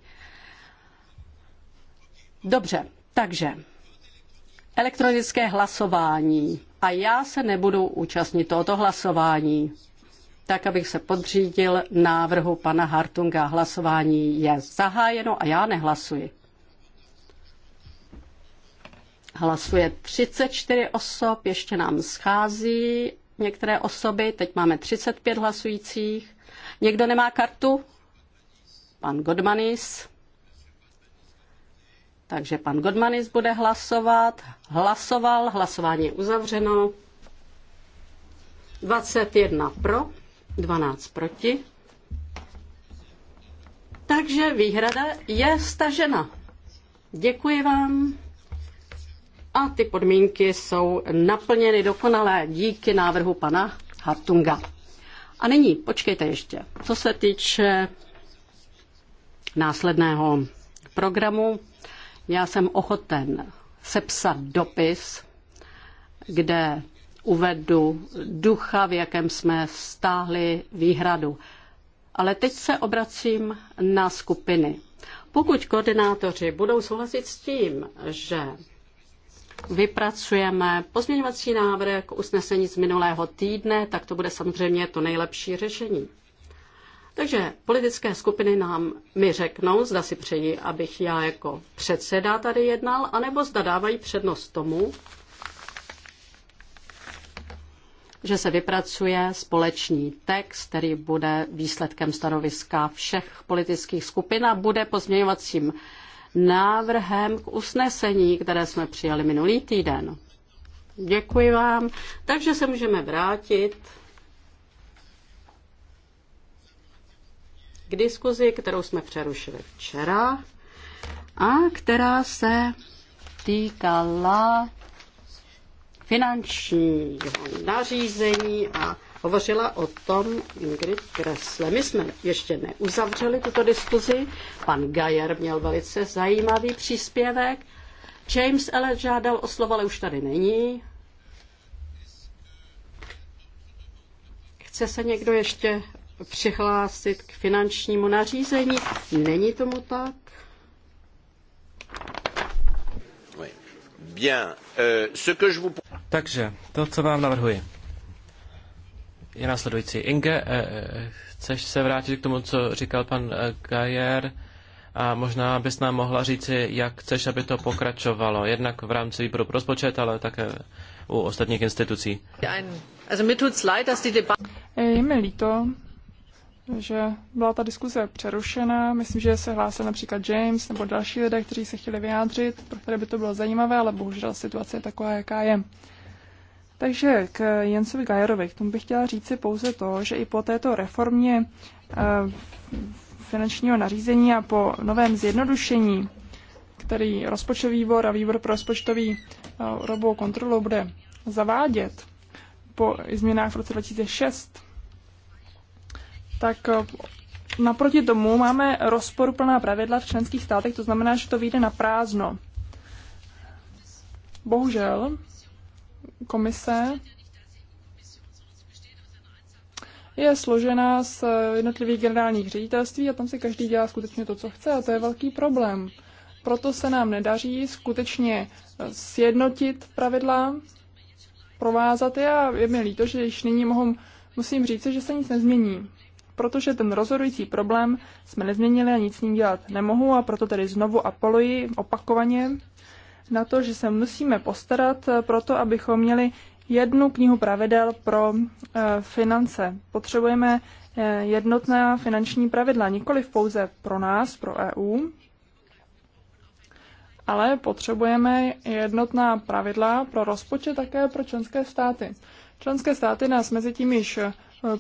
Dobře, takže elektronické hlasování. A já se nebudu účastnit tohoto hlasování, tak abych se podřídil návrhu pana Hartunga. Hlasování je zahájeno a já nehlasuji. Hlasuje 34 osob, ještě nám schází některé osoby, teď máme 35 hlasujících. Někdo nemá kartu? Pan Godmanis. Takže pan Godmanis bude hlasovat. Hlasoval, hlasování je uzavřeno. 21 pro, 12 proti. Takže výhrada je stažena. Děkuji vám a ty podmínky jsou naplněny dokonale díky návrhu pana Hartunga. A nyní, počkejte ještě, co se týče následného programu, já jsem ochoten sepsat dopis, kde uvedu ducha, v jakém jsme stáhli výhradu. Ale teď se obracím na skupiny. Pokud koordinátoři budou souhlasit s tím, že vypracujeme pozměňovací návrh k usnesení z minulého týdne, tak to bude samozřejmě to nejlepší řešení. Takže politické skupiny nám mi řeknou, zda si přeji, abych já jako předseda tady jednal, anebo zda dávají přednost tomu, že se vypracuje společný text, který bude výsledkem stanoviska všech politických skupin a bude pozměňovacím návrhem k usnesení, které jsme přijali minulý týden. Děkuji vám. Takže se můžeme vrátit k diskuzi, kterou jsme přerušili včera a která se týkala finančního nařízení a Hovořila o tom Ingrid Kressle. My jsme ještě neuzavřeli tuto diskuzi. Pan Gajer měl velice zajímavý příspěvek. James ale žádal o slovo, ale už tady není. Chce se někdo ještě přihlásit k finančnímu nařízení? Není tomu tak? Euh, Takže to, co vám navrhuji je následující. Inge, eh, eh, chceš se vrátit k tomu, co říkal pan eh, Gajer? A možná bys nám mohla říci, jak chceš, aby to pokračovalo, jednak v rámci výboru pro rozpočet, ale také u ostatních institucí. Je mi líto, že byla ta diskuze přerušena. Myslím, že se hlásil například James nebo další lidé, kteří se chtěli vyjádřit, pro které by to bylo zajímavé, ale bohužel situace je taková, jaká je. Takže k Jensovi Gajerovi, k tomu bych chtěla říci pouze to, že i po této reformě eh, finančního nařízení a po novém zjednodušení, který rozpočtový výbor a výbor pro rozpočtový eh, robou kontrolu bude zavádět po změnách v roce 2006, tak eh, naproti tomu máme rozporuplná pravidla v členských státech, to znamená, že to vyjde na prázdno. Bohužel, komise je složená z jednotlivých generálních ředitelství a tam si každý dělá skutečně to, co chce a to je velký problém. Proto se nám nedaří skutečně eh, sjednotit pravidla, provázat je a je mi líto, že již nyní mohou, musím říct, že se nic nezmění. Protože ten rozhodující problém jsme nezměnili a nic s ním dělat nemohu a proto tedy znovu apeluji opakovaně na to, že se musíme postarat eh, proto, abychom měli jednu knihu pravidel pro eh, finance. Potřebujeme eh, jednotná finanční pravidla, nikoli pouze pro nás, pro EU, ale potřebujeme jednotná pravidla pro rozpočet také pro členské státy. Členské státy nás mezi tím již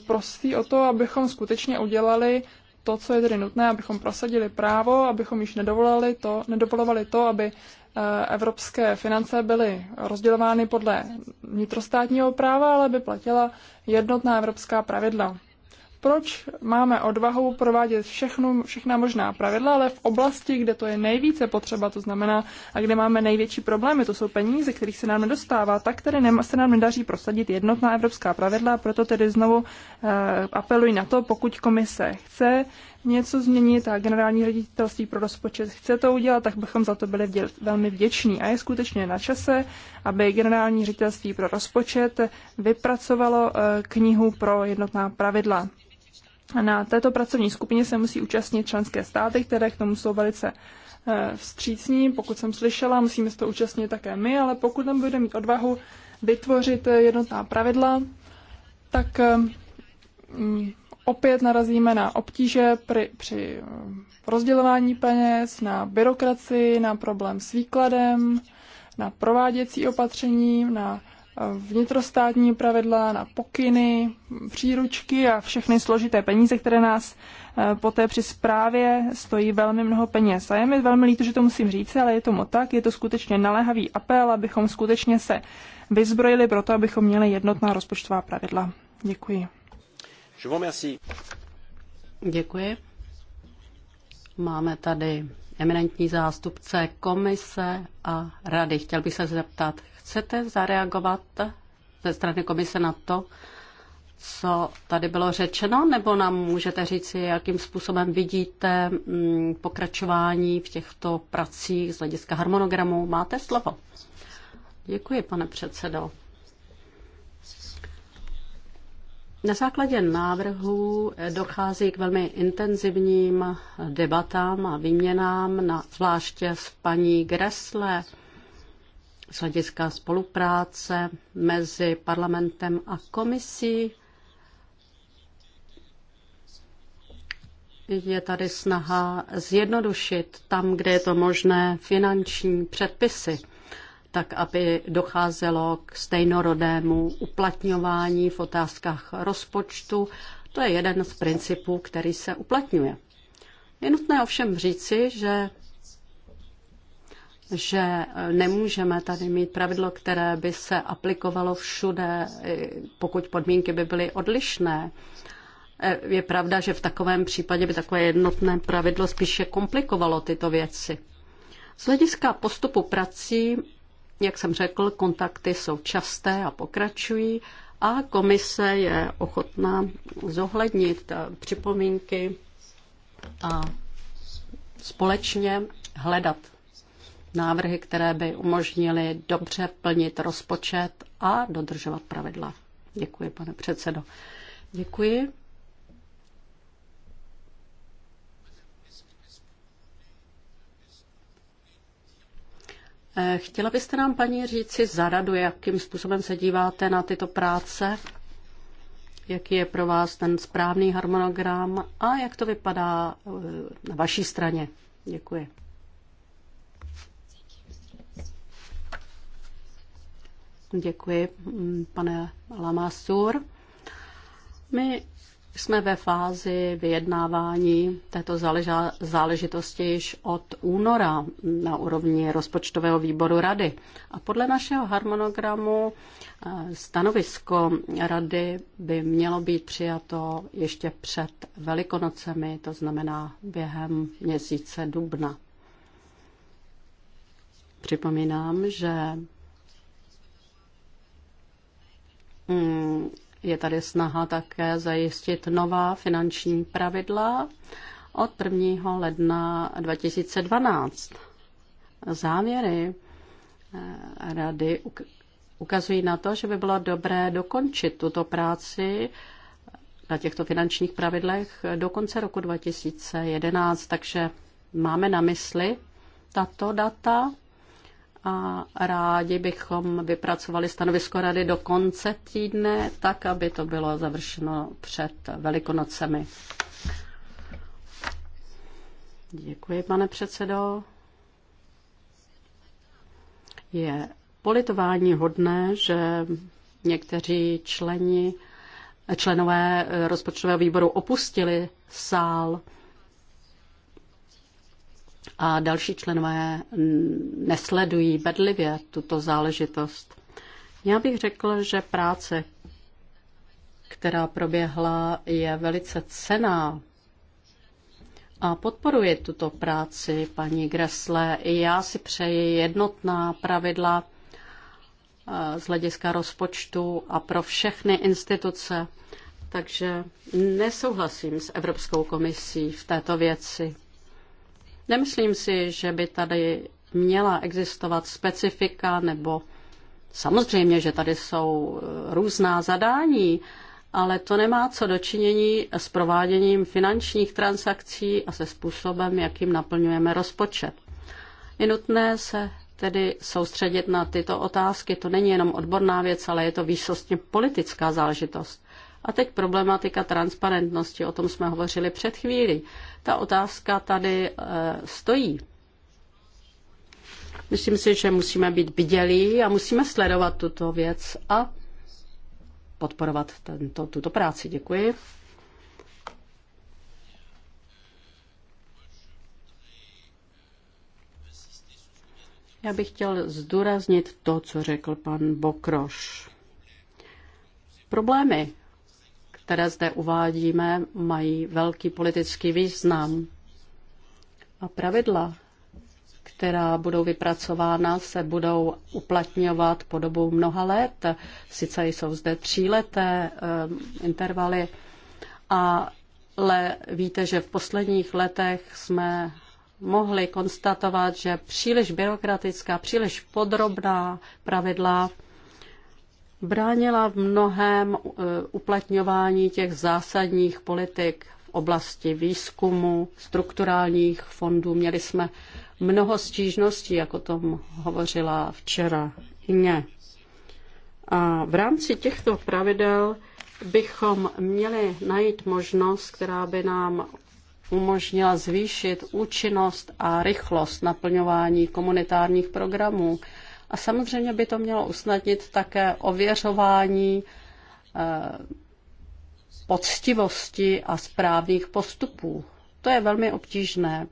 prostí o to, abychom skutečně udělali to, co je tedy nutné, abychom prosadili právo, abychom již nedovolovali to, nedovolovali to, aby Eh, evropské finance byly rozdělovány podle vnitrostátního práva, ale by platila jednotná evropská pravidla. Proč máme odvahu provádět všechnu, všechna možná pravidla, ale v oblasti, kde to je nejvíce potřeba, to znamená, a kde máme největší problémy, to jsou peníze, kterých se nám nedostává, tak tedy se nám nedaří prosadit jednotná evropská pravidla, proto tedy znovu eh, apeluji na to, pokud komise chce něco změnit a generální ředitelství pro rozpočet chce to udělat, tak bychom za to byli vděl, velmi vděční. A je skutečně na čase, aby generální ředitelství pro rozpočet vypracovalo eh, knihu pro jednotná pravidla. Na této pracovní skupině se musí účastnit členské státy, které k tomu jsou velice eh, vstřícní. Pokud jsem slyšela, musíme se to účastnit také my, ale pokud tam budeme mít odvahu vytvořit eh, jednotná pravidla, tak mm, opět narazíme na obtíže při, při eh, rozdělování peněz, na byrokracii, na problém s výkladem, na prováděcí opatření, na eh, vnitrostátní pravidla, na pokyny, příručky a všechny složité peníze, které nás eh, poté při správě stojí velmi mnoho peněz. A je mi velmi líto, že to musím říct, ale je tomu tak. Je to skutečně naléhavý apel, abychom skutečně se vyzbrojili pro to, abychom měli jednotná rozpočtová pravidla. Děkuji. Děkuji. Máme tady eminentní zástupce komise a rady. Chtěl bych se zeptat, chcete zareagovat ze strany komise na to, co tady bylo řečeno, nebo nám můžete říci, jakým způsobem vidíte mm, pokračování v těchto pracích z hlediska harmonogramu? Máte slovo. Děkuji, pane předsedo. Na základě návrhu dochází k velmi intenzivním debatám a výměnám, na, zvláště s paní Gressle z hlediska spolupráce mezi parlamentem a komisí. Je tady snaha zjednodušit tam, kde je to možné, finanční předpisy tak aby docházelo k stejnorodému uplatňování v otázkách rozpočtu. To je jeden z principů, který se uplatňuje. Je nutné ovšem říci, že že nemůžeme tady mít pravidlo, které by se aplikovalo všude, pokud podmínky by byly odlišné. Je pravda, že v takovém případě by takové jednotné pravidlo spíše komplikovalo tyto věci. Z hlediska postupu prací jak jsem řekl, kontakty jsou časté a pokračují a komise je ochotná zohlednit eh, připomínky a společně hledat návrhy, které by umožnily dobře plnit rozpočet a dodržovat pravidla. Děkuji, pane předsedo. Děkuji. Eh, chtěla byste nám, paní, říci za radu, jakým způsobem se díváte na tyto práce? Jaký je pro vás ten správný harmonogram a jak to vypadá eh, na vaší straně? Děkuji. Děkuji, mm, pane Lamasur. My jsme ve fázi vyjednávání této záležitosti již od února na úrovni rozpočtového výboru rady. A podle našeho harmonogramu eh, stanovisko rady by mělo být přijato ještě před Velikonocemi, to znamená během měsíce dubna. Připomínám, že mm, je tady snaha také zajistit nová finanční pravidla od 1. ledna 2012. Závěry eh, rady ukazují na to, že by bylo dobré dokončit tuto práci eh, na těchto finančních pravidlech do konce roku 2011, takže máme na mysli tato data a rádi bychom vypracovali stanovisko rady do konce týdne, tak aby to bylo završeno před Velikonocemi. Děkuji, pane předsedo. Je politování hodné, že někteří členi, členové rozpočtového výboru opustili sál a další členové nesledují bedlivě tuto záležitost. Já bych řekl, že práce, která proběhla, je velice cená. A podporuji tuto práci, paní Gresle. I já si přeji jednotná pravidla e, z hlediska rozpočtu a pro všechny instituce. Takže nesouhlasím s Evropskou komisí v této věci. Nemyslím si, že by tady měla existovat specifika nebo samozřejmě, že tady jsou eh, různá zadání, ale to nemá co dočinění s prováděním finančních transakcí a se způsobem, jakým naplňujeme rozpočet. Je nutné se tedy soustředit na tyto otázky. To není jenom odborná věc, ale je to výsostně politická záležitost. A teď problematika transparentnosti, o tom jsme hovořili před chvíli. Ta otázka tady e, stojí. Myslím si, že musíme být bdělí a musíme sledovat tuto věc a podporovat tento, tuto práci. Děkuji. Já bych chtěl zdůraznit to, co řekl pan Bokroš. Problémy, které zde uvádíme, mají velký politický význam. A pravidla, která budou vypracována, se budou uplatňovat po dobu mnoha let. Sice jsou zde tříleté um, intervaly, ale víte, že v posledních letech jsme mohli konstatovat, že příliš byrokratická, příliš podrobná pravidla bránila v mnohem uh, uplatňování těch zásadních politik v oblasti výzkumu, strukturálních fondů. Měli jsme mnoho stížností, jak o tom hovořila včera Ině. A v rámci těchto pravidel bychom měli najít možnost, která by nám umožnila zvýšit účinnost a rychlost naplňování komunitárních programů a samozřejmě by to mělo usnadnit také ověřování eh, poctivosti a správných postupů. To je velmi obtížné.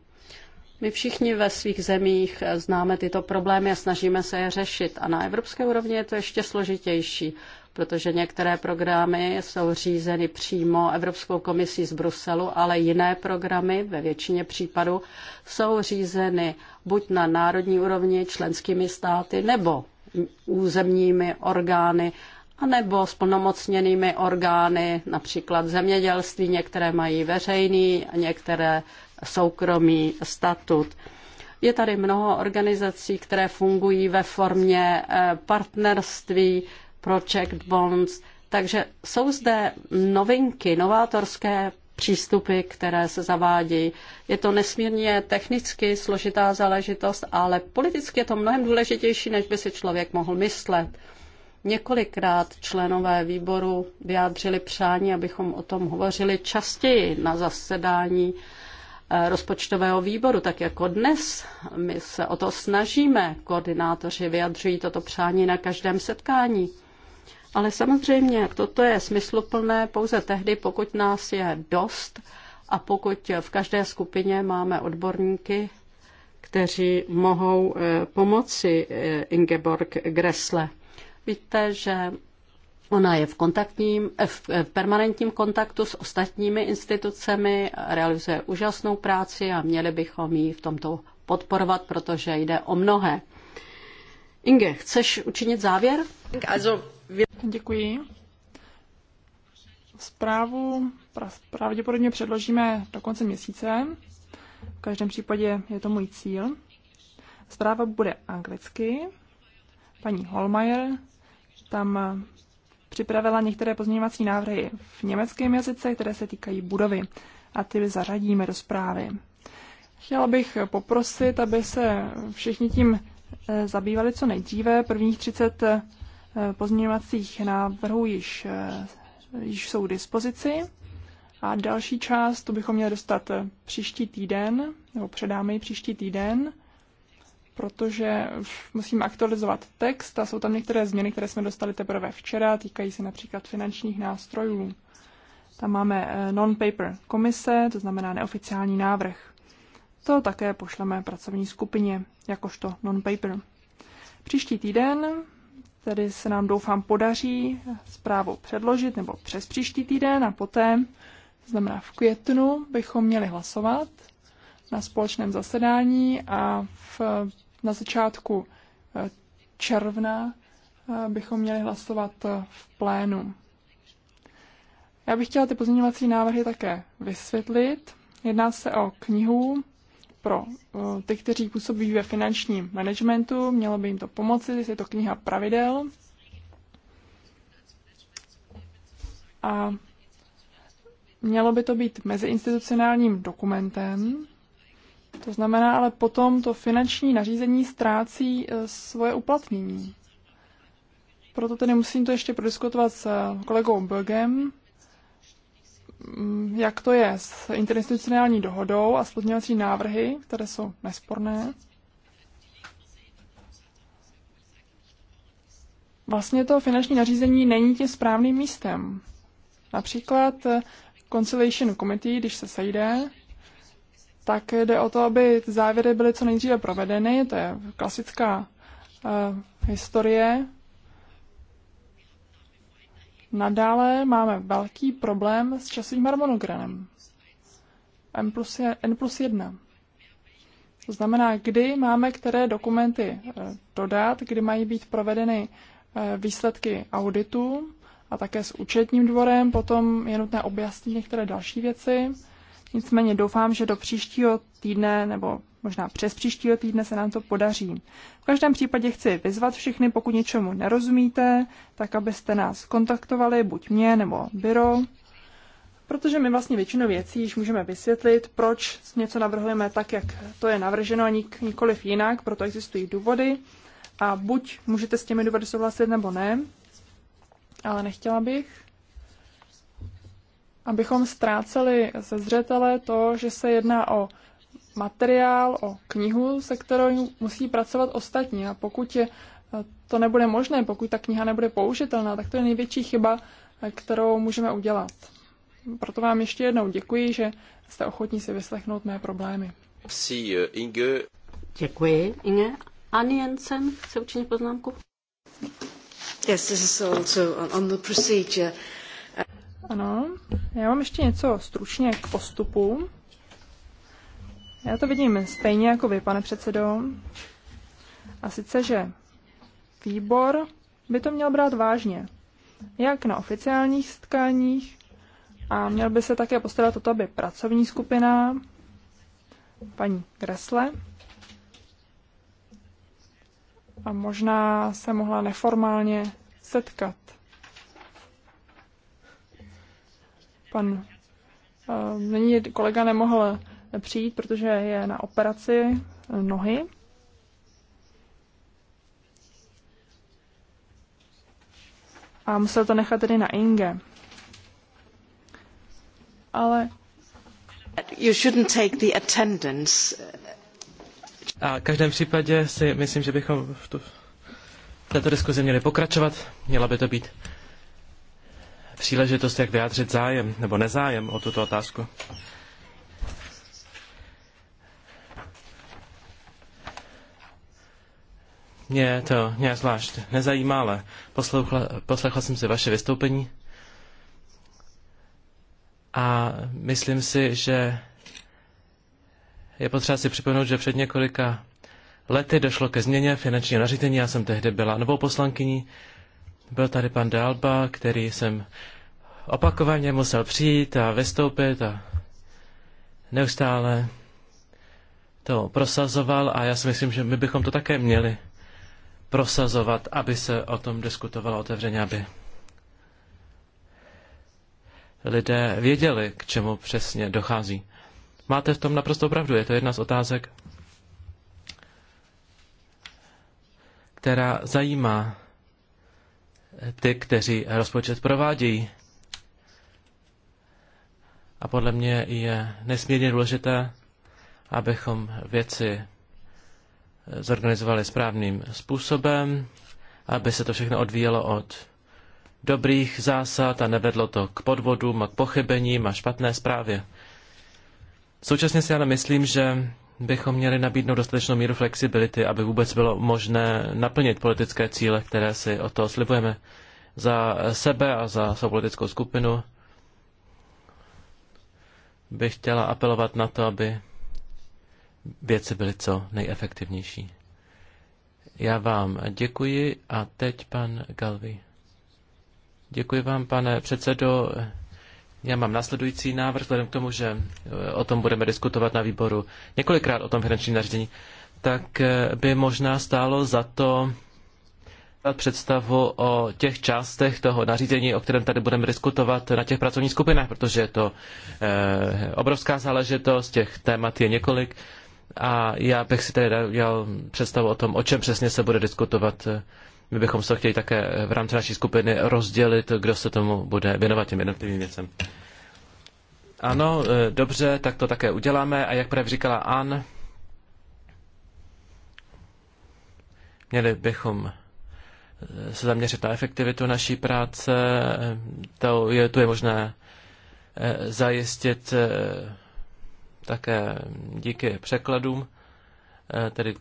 My všichni ve svých zemích eh, známe tyto problémy a snažíme se je řešit. A na evropské úrovni je to ještě složitější protože některé programy jsou řízeny přímo Evropskou komisí z Bruselu, ale jiné programy ve většině případů jsou řízeny buď na národní úrovni členskými státy nebo územními orgány anebo splnomocněnými orgány, například zemědělství, některé mají veřejný, některé soukromý statut. Je tady mnoho organizací, které fungují ve formě eh, partnerství, project bonds. Takže jsou zde novinky, novátorské přístupy, které se zavádějí. Je to nesmírně technicky složitá záležitost, ale politicky je to mnohem důležitější, než by si člověk mohl myslet. Několikrát členové výboru vyjádřili přání, abychom o tom hovořili častěji na zasedání eh, rozpočtového výboru, tak jako dnes. My se o to snažíme, koordinátoři vyjadřují toto přání na každém setkání. Ale samozřejmě toto je smysluplné pouze tehdy, pokud nás je dost a pokud v každé skupině máme odborníky, kteří mohou eh, pomoci eh, Ingeborg Gressle. Víte, že ona je v, kontaktním, eh, v permanentním kontaktu s ostatními institucemi, realizuje úžasnou práci a měli bychom ji v tomto podporovat, protože jde o mnohé. Inge, chceš učinit závěr? Also, Děkuji. Zprávu pravděpodobně předložíme do konce měsíce. V každém případě je to můj cíl. Zpráva bude anglicky. Paní Holmeier tam připravila některé pozměňovací návrhy v německém jazyce, které se týkají budovy a ty zařadíme do zprávy. Chtěla bych poprosit, aby se všichni tím eh, zabývali co nejdříve. Prvních 30 pozměňovacích návrhů již, již jsou k dispozici. A další část, tu bychom měli dostat příští týden, nebo předáme ji příští týden, protože musím aktualizovat text a jsou tam některé změny, které jsme dostali teprve včera, týkají se například finančních nástrojů. Tam máme eh, non-paper komise, to znamená neoficiální návrh. To také pošleme pracovní skupině, jakožto non-paper. Příští týden Tady se nám doufám podaří zprávu předložit nebo přes příští týden a poté, to znamená v květnu, bychom měli hlasovat na společném zasedání a v, na začátku eh, června eh, bychom měli hlasovat eh, v plénu. Já bych chtěla ty pozměňovací návrhy také vysvětlit. Jedná se o knihu pro eh, ty, kteří působí ve finančním managementu. Mělo by jim to pomoci, je to kniha pravidel. A mělo by to být meziinstitucionálním dokumentem, to znamená, ale potom to finanční nařízení ztrácí eh, svoje uplatnění. Proto tedy musím to ještě prodiskutovat s eh, kolegou Bögem, Mm, jak to je s interinstitucionální dohodou a s pozměňovací návrhy, které jsou nesporné. Vlastně to finanční nařízení není tím správným místem. Například eh, Conciliation Committee, když se sejde, tak jde o to, aby závěry byly co nejdříve provedeny. To je klasická uh, historie Nadále máme velký problém s časovým harmonogramem. N plus, je, N plus 1. To znamená, kdy máme které dokumenty eh, dodat, kdy mají být provedeny eh, výsledky auditu a také s účetním dvorem. Potom je nutné objasnit některé další věci. Nicméně doufám, že do příštího týdne nebo možná přes příštího týdne se nám to podaří. V každém případě chci vyzvat všechny, pokud něčemu nerozumíte, tak abyste nás kontaktovali, buď mě nebo byro, protože my vlastně většinu věcí již můžeme vysvětlit, proč něco navrhujeme tak, jak to je navrženo a nik, nikoliv jinak, proto existují důvody a buď můžete s těmi důvody souhlasit nebo ne, ale nechtěla bych, abychom ztráceli ze zřetele to, že se jedná o materiál, o knihu, se kterou musí pracovat ostatní. A pokud je, to nebude možné, pokud ta kniha nebude použitelná, tak to je největší chyba, kterou můžeme udělat. Proto vám ještě jednou děkuji, že jste ochotní si vyslechnout mé problémy. Psi, eh, Inge. Děkuji, Inge. Ani Jensen chce učinit poznámku. Yes, this is also on the procedure. Ano, já mám ještě něco stručně k postupu. Já to vidím stejně jako vy, pane předsedo. A sice, že výbor by to měl brát vážně. Jak na oficiálních setkáních, a měl by se také postarat o to, aby pracovní skupina paní Gresle, a možná se mohla neformálně setkat pan uh, eh, není kolega nemohl přijít, protože je na operaci eh, nohy. A musel to nechat tedy na Inge. Ale... You shouldn't take the attendance. Eh, A v každém případě si myslím, že bychom v tu, v této diskuzi měli pokračovat. Měla by to být příležitost, jak vyjádřit zájem nebo nezájem o tuto otázku. Mě to nějak zvlášť nezajímá, ale poslechla jsem si vaše vystoupení a myslím si, že je potřeba si připomenout, že před několika lety došlo ke změně finančního nařízení. Já jsem tehdy byla novou poslankyní byl tady pan Dalba, který jsem opakovaně musel přijít a vystoupit a neustále to prosazoval a já si myslím, že my bychom to také měli prosazovat, aby se o tom diskutovalo otevřeně, aby lidé věděli, k čemu přesně dochází. Máte v tom naprosto pravdu, je to jedna z otázek, která zajímá ty, kteří rozpočet provádějí. A podle mě je nesmírně důležité, abychom věci zorganizovali správným způsobem, aby se to všechno odvíjelo od dobrých zásad a nevedlo to k podvodům a k pochybením a špatné zprávě. Současně si ale myslím, že bychom měli nabídnout dostatečnou míru flexibility, aby vůbec bylo možné naplnit politické cíle, které si o to slibujeme za sebe a za svou politickou skupinu. Bych chtěla apelovat na to, aby věci byly co nejefektivnější. Já vám děkuji a teď pan Galvi. Děkuji vám, pane předsedo. Já mám následující návrh, vzhledem k tomu, že e, o tom budeme diskutovat na výboru několikrát o tom finančním nařízení, tak e, by možná stálo za to představu o těch částech toho nařízení, o kterém tady budeme diskutovat na těch pracovních skupinách, protože je to e, obrovská záležitost, těch témat je několik a já bych si tady dal představu o tom, o čem přesně se bude diskutovat my bychom se chtěli také v rámci naší skupiny rozdělit, kdo se tomu bude věnovat těm jednotlivým věcem. Ano, e, dobře, tak to také uděláme. A jak právě říkala An, měli bychom e, se zaměřit na efektivitu naší práce. E, to je, tu je možné zajistit také díky překladům, tedy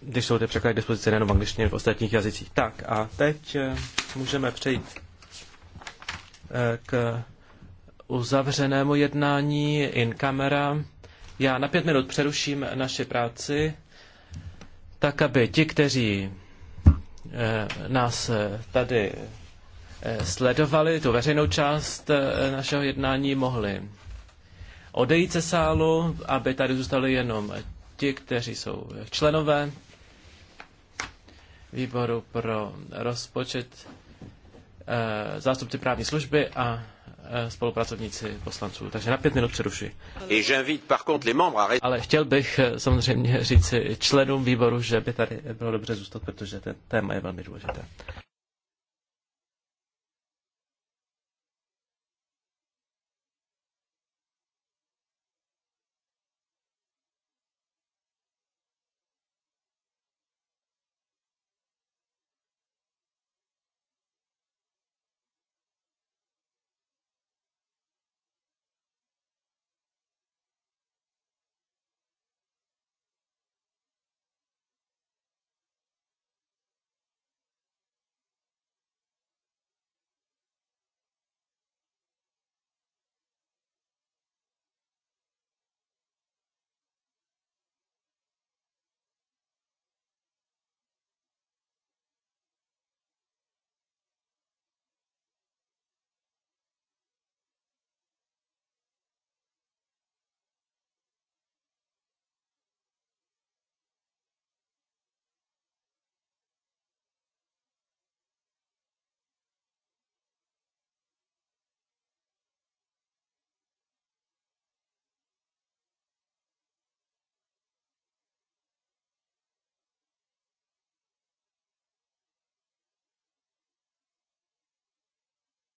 když jsou ty překlady k dispozici nejenom v angličtině, v ostatních jazycích. Tak a teď eh, můžeme přejít eh, k uzavřenému jednání in camera. Já na pět minut přeruším naši práci, tak aby ti, kteří eh, nás tady sledovali, tu veřejnou část našeho jednání, mohli odejít ze sálu, aby tady zůstali jenom ti, kteří jsou členové výboru pro rozpočet, eh, zástupci právní služby a eh, spolupracovníci poslanců. Takže na pět minut přerušuji. Ale chtěl bych eh, samozřejmě říct členům výboru, že by tady bylo dobře zůstat, protože ten téma je velmi důležité.